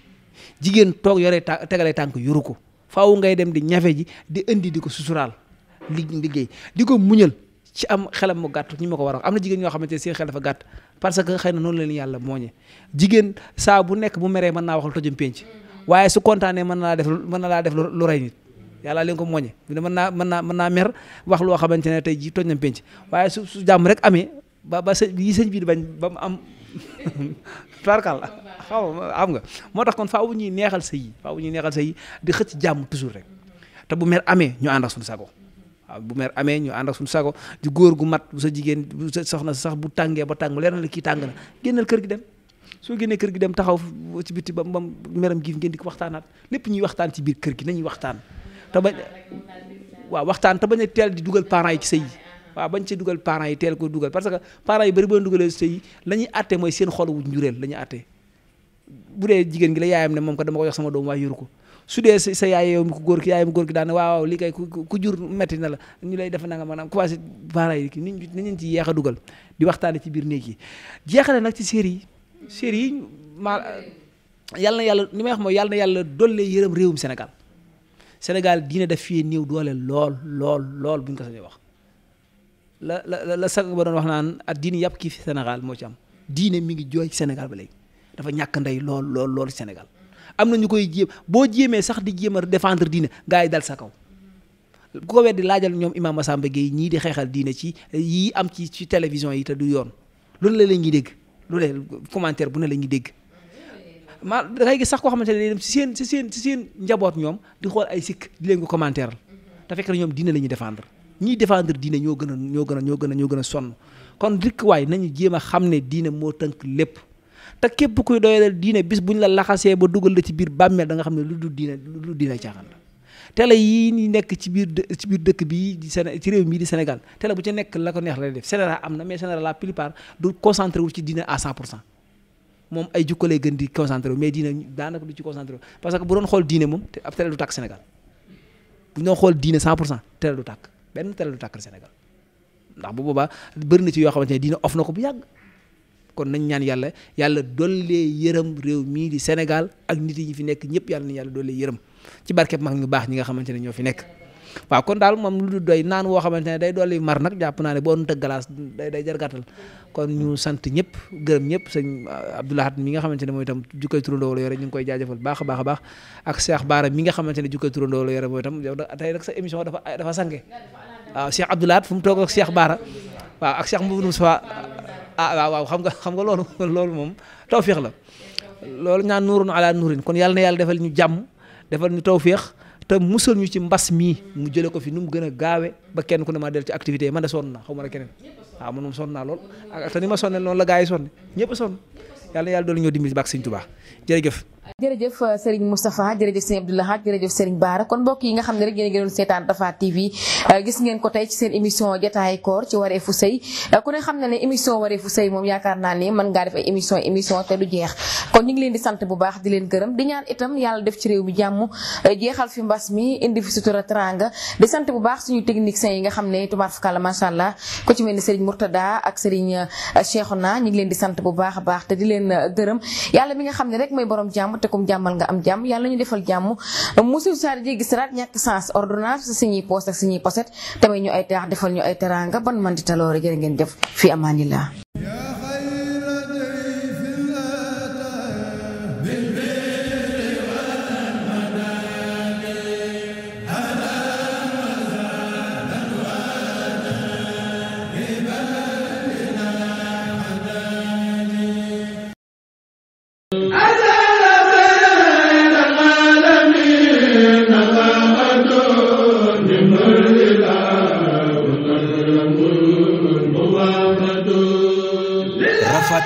jigéen toog yoree ta tegalee tànk yoru ko faaw ngay dem di ñafe ji di indi di ko susuraal liggéey di ko muñal si am xelam mu gàtt ñi ko war a wax am na jigéen ñoo xamante ne seen xel dafa gàtt parce que xëy na noonu leen yàlla mooñe jigéen saa bu nekk bu meree man naa wax lu tojum penc waaye su kontaanee mën na laa def mën na laa def lu rey nit yàlla leen ko mooñe mën naa mën naa mën naa mer wax loo xamante ne tey ji toj na waaye su su jàmm rek amee ba ba sëñ yi sëñ bi di ba mu am (laughs) tarkal xaw am nga moo tax kon faaw ñuy neexal sëy yi faaw ñuy neexal sëy di xëcc jàmm toujours rek te bu mer amee ñu ànd ak sago Ah, bu mer amee ñu ànd ak sago di góor gu mat bu sa jigéen bu sa soxna sax bu tàngee ba tàng mu leer na la kii tàng na génnal kër gi dem soo génnee kër gi dem taxaw ci bitti ba moom meram giif ngeen di ko waxtaanaat lépp ñuy waxtaan ci biir kër gi nañuy waxtaan te bañ waaw waxtaan te bañ a teel di dugal parents yi ci sëy waa bañ ci dugal parents yi teel ko dugal parce que parents yi bari boo dugalee sëy yi la ñuy àtte mooy seen xolu njureel la ñuy àtte bu dee jigéen gi la yaayam ne moom ko dama ko jox sama doom waaye yoru ko su dee sa yaay yow mi ko góor ki yaay mu góor ki daan waaw waaw lii kay ku jur metti na la ñu lay def nanga maanaam commencé parents yi ki niñ niñ ci yeex a dugal di waxtaane ci biir néeg yi jeexale nag ci série yi série yi maa yàlla na yàlla li may wax mooy yàlla na yàlla dollee yërëm réewum Sénégal Sénégal diine daf fii néew doole lool lool lool bu ñu ko sañee wax la la la sag ba doon wax naan ak diine yàpp kii fi Sénégal moo ci am diine mi ngi jooy Sénégal ba léegi dafa ñàkk ndey lool lool lool Sénégal am na ñu koy jéem boo jéemee sax di jéem a défendre diine gaa yi dal sa kaw ku ko laajal ñoom Imam Massamba Gueye ñii di xeexal diine ci yii am ci ci télévision yi te du yoon loolu la la ñuy dégg loolu la commentaire bu ne la ñuy dégg ma dangay gis sax koo xamante ne day si seen si seen seen njaboot ñoom di xool ay sikk di leen ko commentaire te fekk na ñoom diine la ñuy défendre ñiy défendre diine ñoo gën a ñoo gën a ñoo gën a ñoo gën a sonn kon rikk waaye nañu jéem a xam ne diine moo tënk lépp te képp kuy doyadal diine bis buñ la laxasee ba dugal la ci biir bàmmeel da nga xam ne lu dul diine lu dul diine caaxaan la télé yii ñu nekk ci biir ci biir dëkk bii di Séné ci réew mii di Sénégal télé bu ci nekk la ko neex la def Sénégal am na mais Sénégal la plupart du concentré wul ci diine à 100 moom ay jukko lay di concentré wu mais diine daanaka du ci concentré wu parce que bu doon xool diine moom ab télé du tàkk Sénégal bu doon xool diine 100 pour cent télé du tàkk benn télé du tàkk Sénégal ndax bu boobaa bëri na ci yoo xamante ne diine off na ko bu yàgg. kon nañ ñaan yàlla yàlla yërëm réew mii di ak nit fi nekk ñëpp yàlla na yàlla dollee yërëm ci barkeb mag ñu baax ñi nga xamante ne ñoo fi nekk waaw kon daal moom lu du doy naan woo xamante ne day dolli mar nag jàpp naa ne boo a galaas day jargatal kon ñu sant ñëpp gërëm ñëpp sëñ Abdoulahat mi nga xamante ne mooy itam jukkay turandoo la yore ñu ngi koy jaajëfal baax a a baax ak Cheikh Baara mi nga xamante ne jukkay turandoo la yore mooy itam yow tey nag sa émission dafa dafa sange waaw Cheikh Abdoulahat fu mu toog Baara waaw ak Cheikh Mbour Moussa ah waaw waaw xam nga xam nga loolu (laughs) loolu moom tawféex la loolu ñaan nuurun ala nuurin kon yàlla na yàlla defal ñu jàmm defal ñu tawféex te musal ñu ci mbas mii mu jële ko fi nu mu gën a gaawe ba kenn ku ne ma del ci activité yi man de sonn na xaw ma ne keneen waaw ah, man moom sonn naa lool ah, te ni ma sonnel noonu la gaa yi sonn ñëpp sonn yàlla na yàlla doolu ñoo dimbali si baax Sëñ Tuubaa jërëjëf jërëjëf euh, Serigne Moustapha jërëjëf Serigne Abdou Lahad jërëjëf Serigne Bara kon mbokk yi nga xam ne rek yéen a doon seetaan Tapha TV euh, gis ngeen ko tey ci seen émission jotaay koor ci wareefu sëy euh, ku ne xam ne ne émission wareefu sëy moom yaakaar naa ne mën ngaa def ay émission émission te du jeex kon ñu leen di sant bu baax di leen gërëm di ñaan itam yàlla def ci réew mi jàmm jeexal fi mbas mi indi fi sutura teranga sant bu baax suñu techniciens yi nga xam ne tubaar fakala macha allah ku ci mel ni ñu ngi leen di sant bu baax a baax te di leen gërëm yàlla mi nga xam ne rek mooy borom jàmm te kum jàmmal nga am jàmm yàlla ñu defal jàmm musul saar jéggi saraat ñàkk sens ordonnance si poos ak suñuy poset tamit ñu ay taax defal ñu ay teraanga ban man di taloore jërë ngeen de fi amaanillah Ah!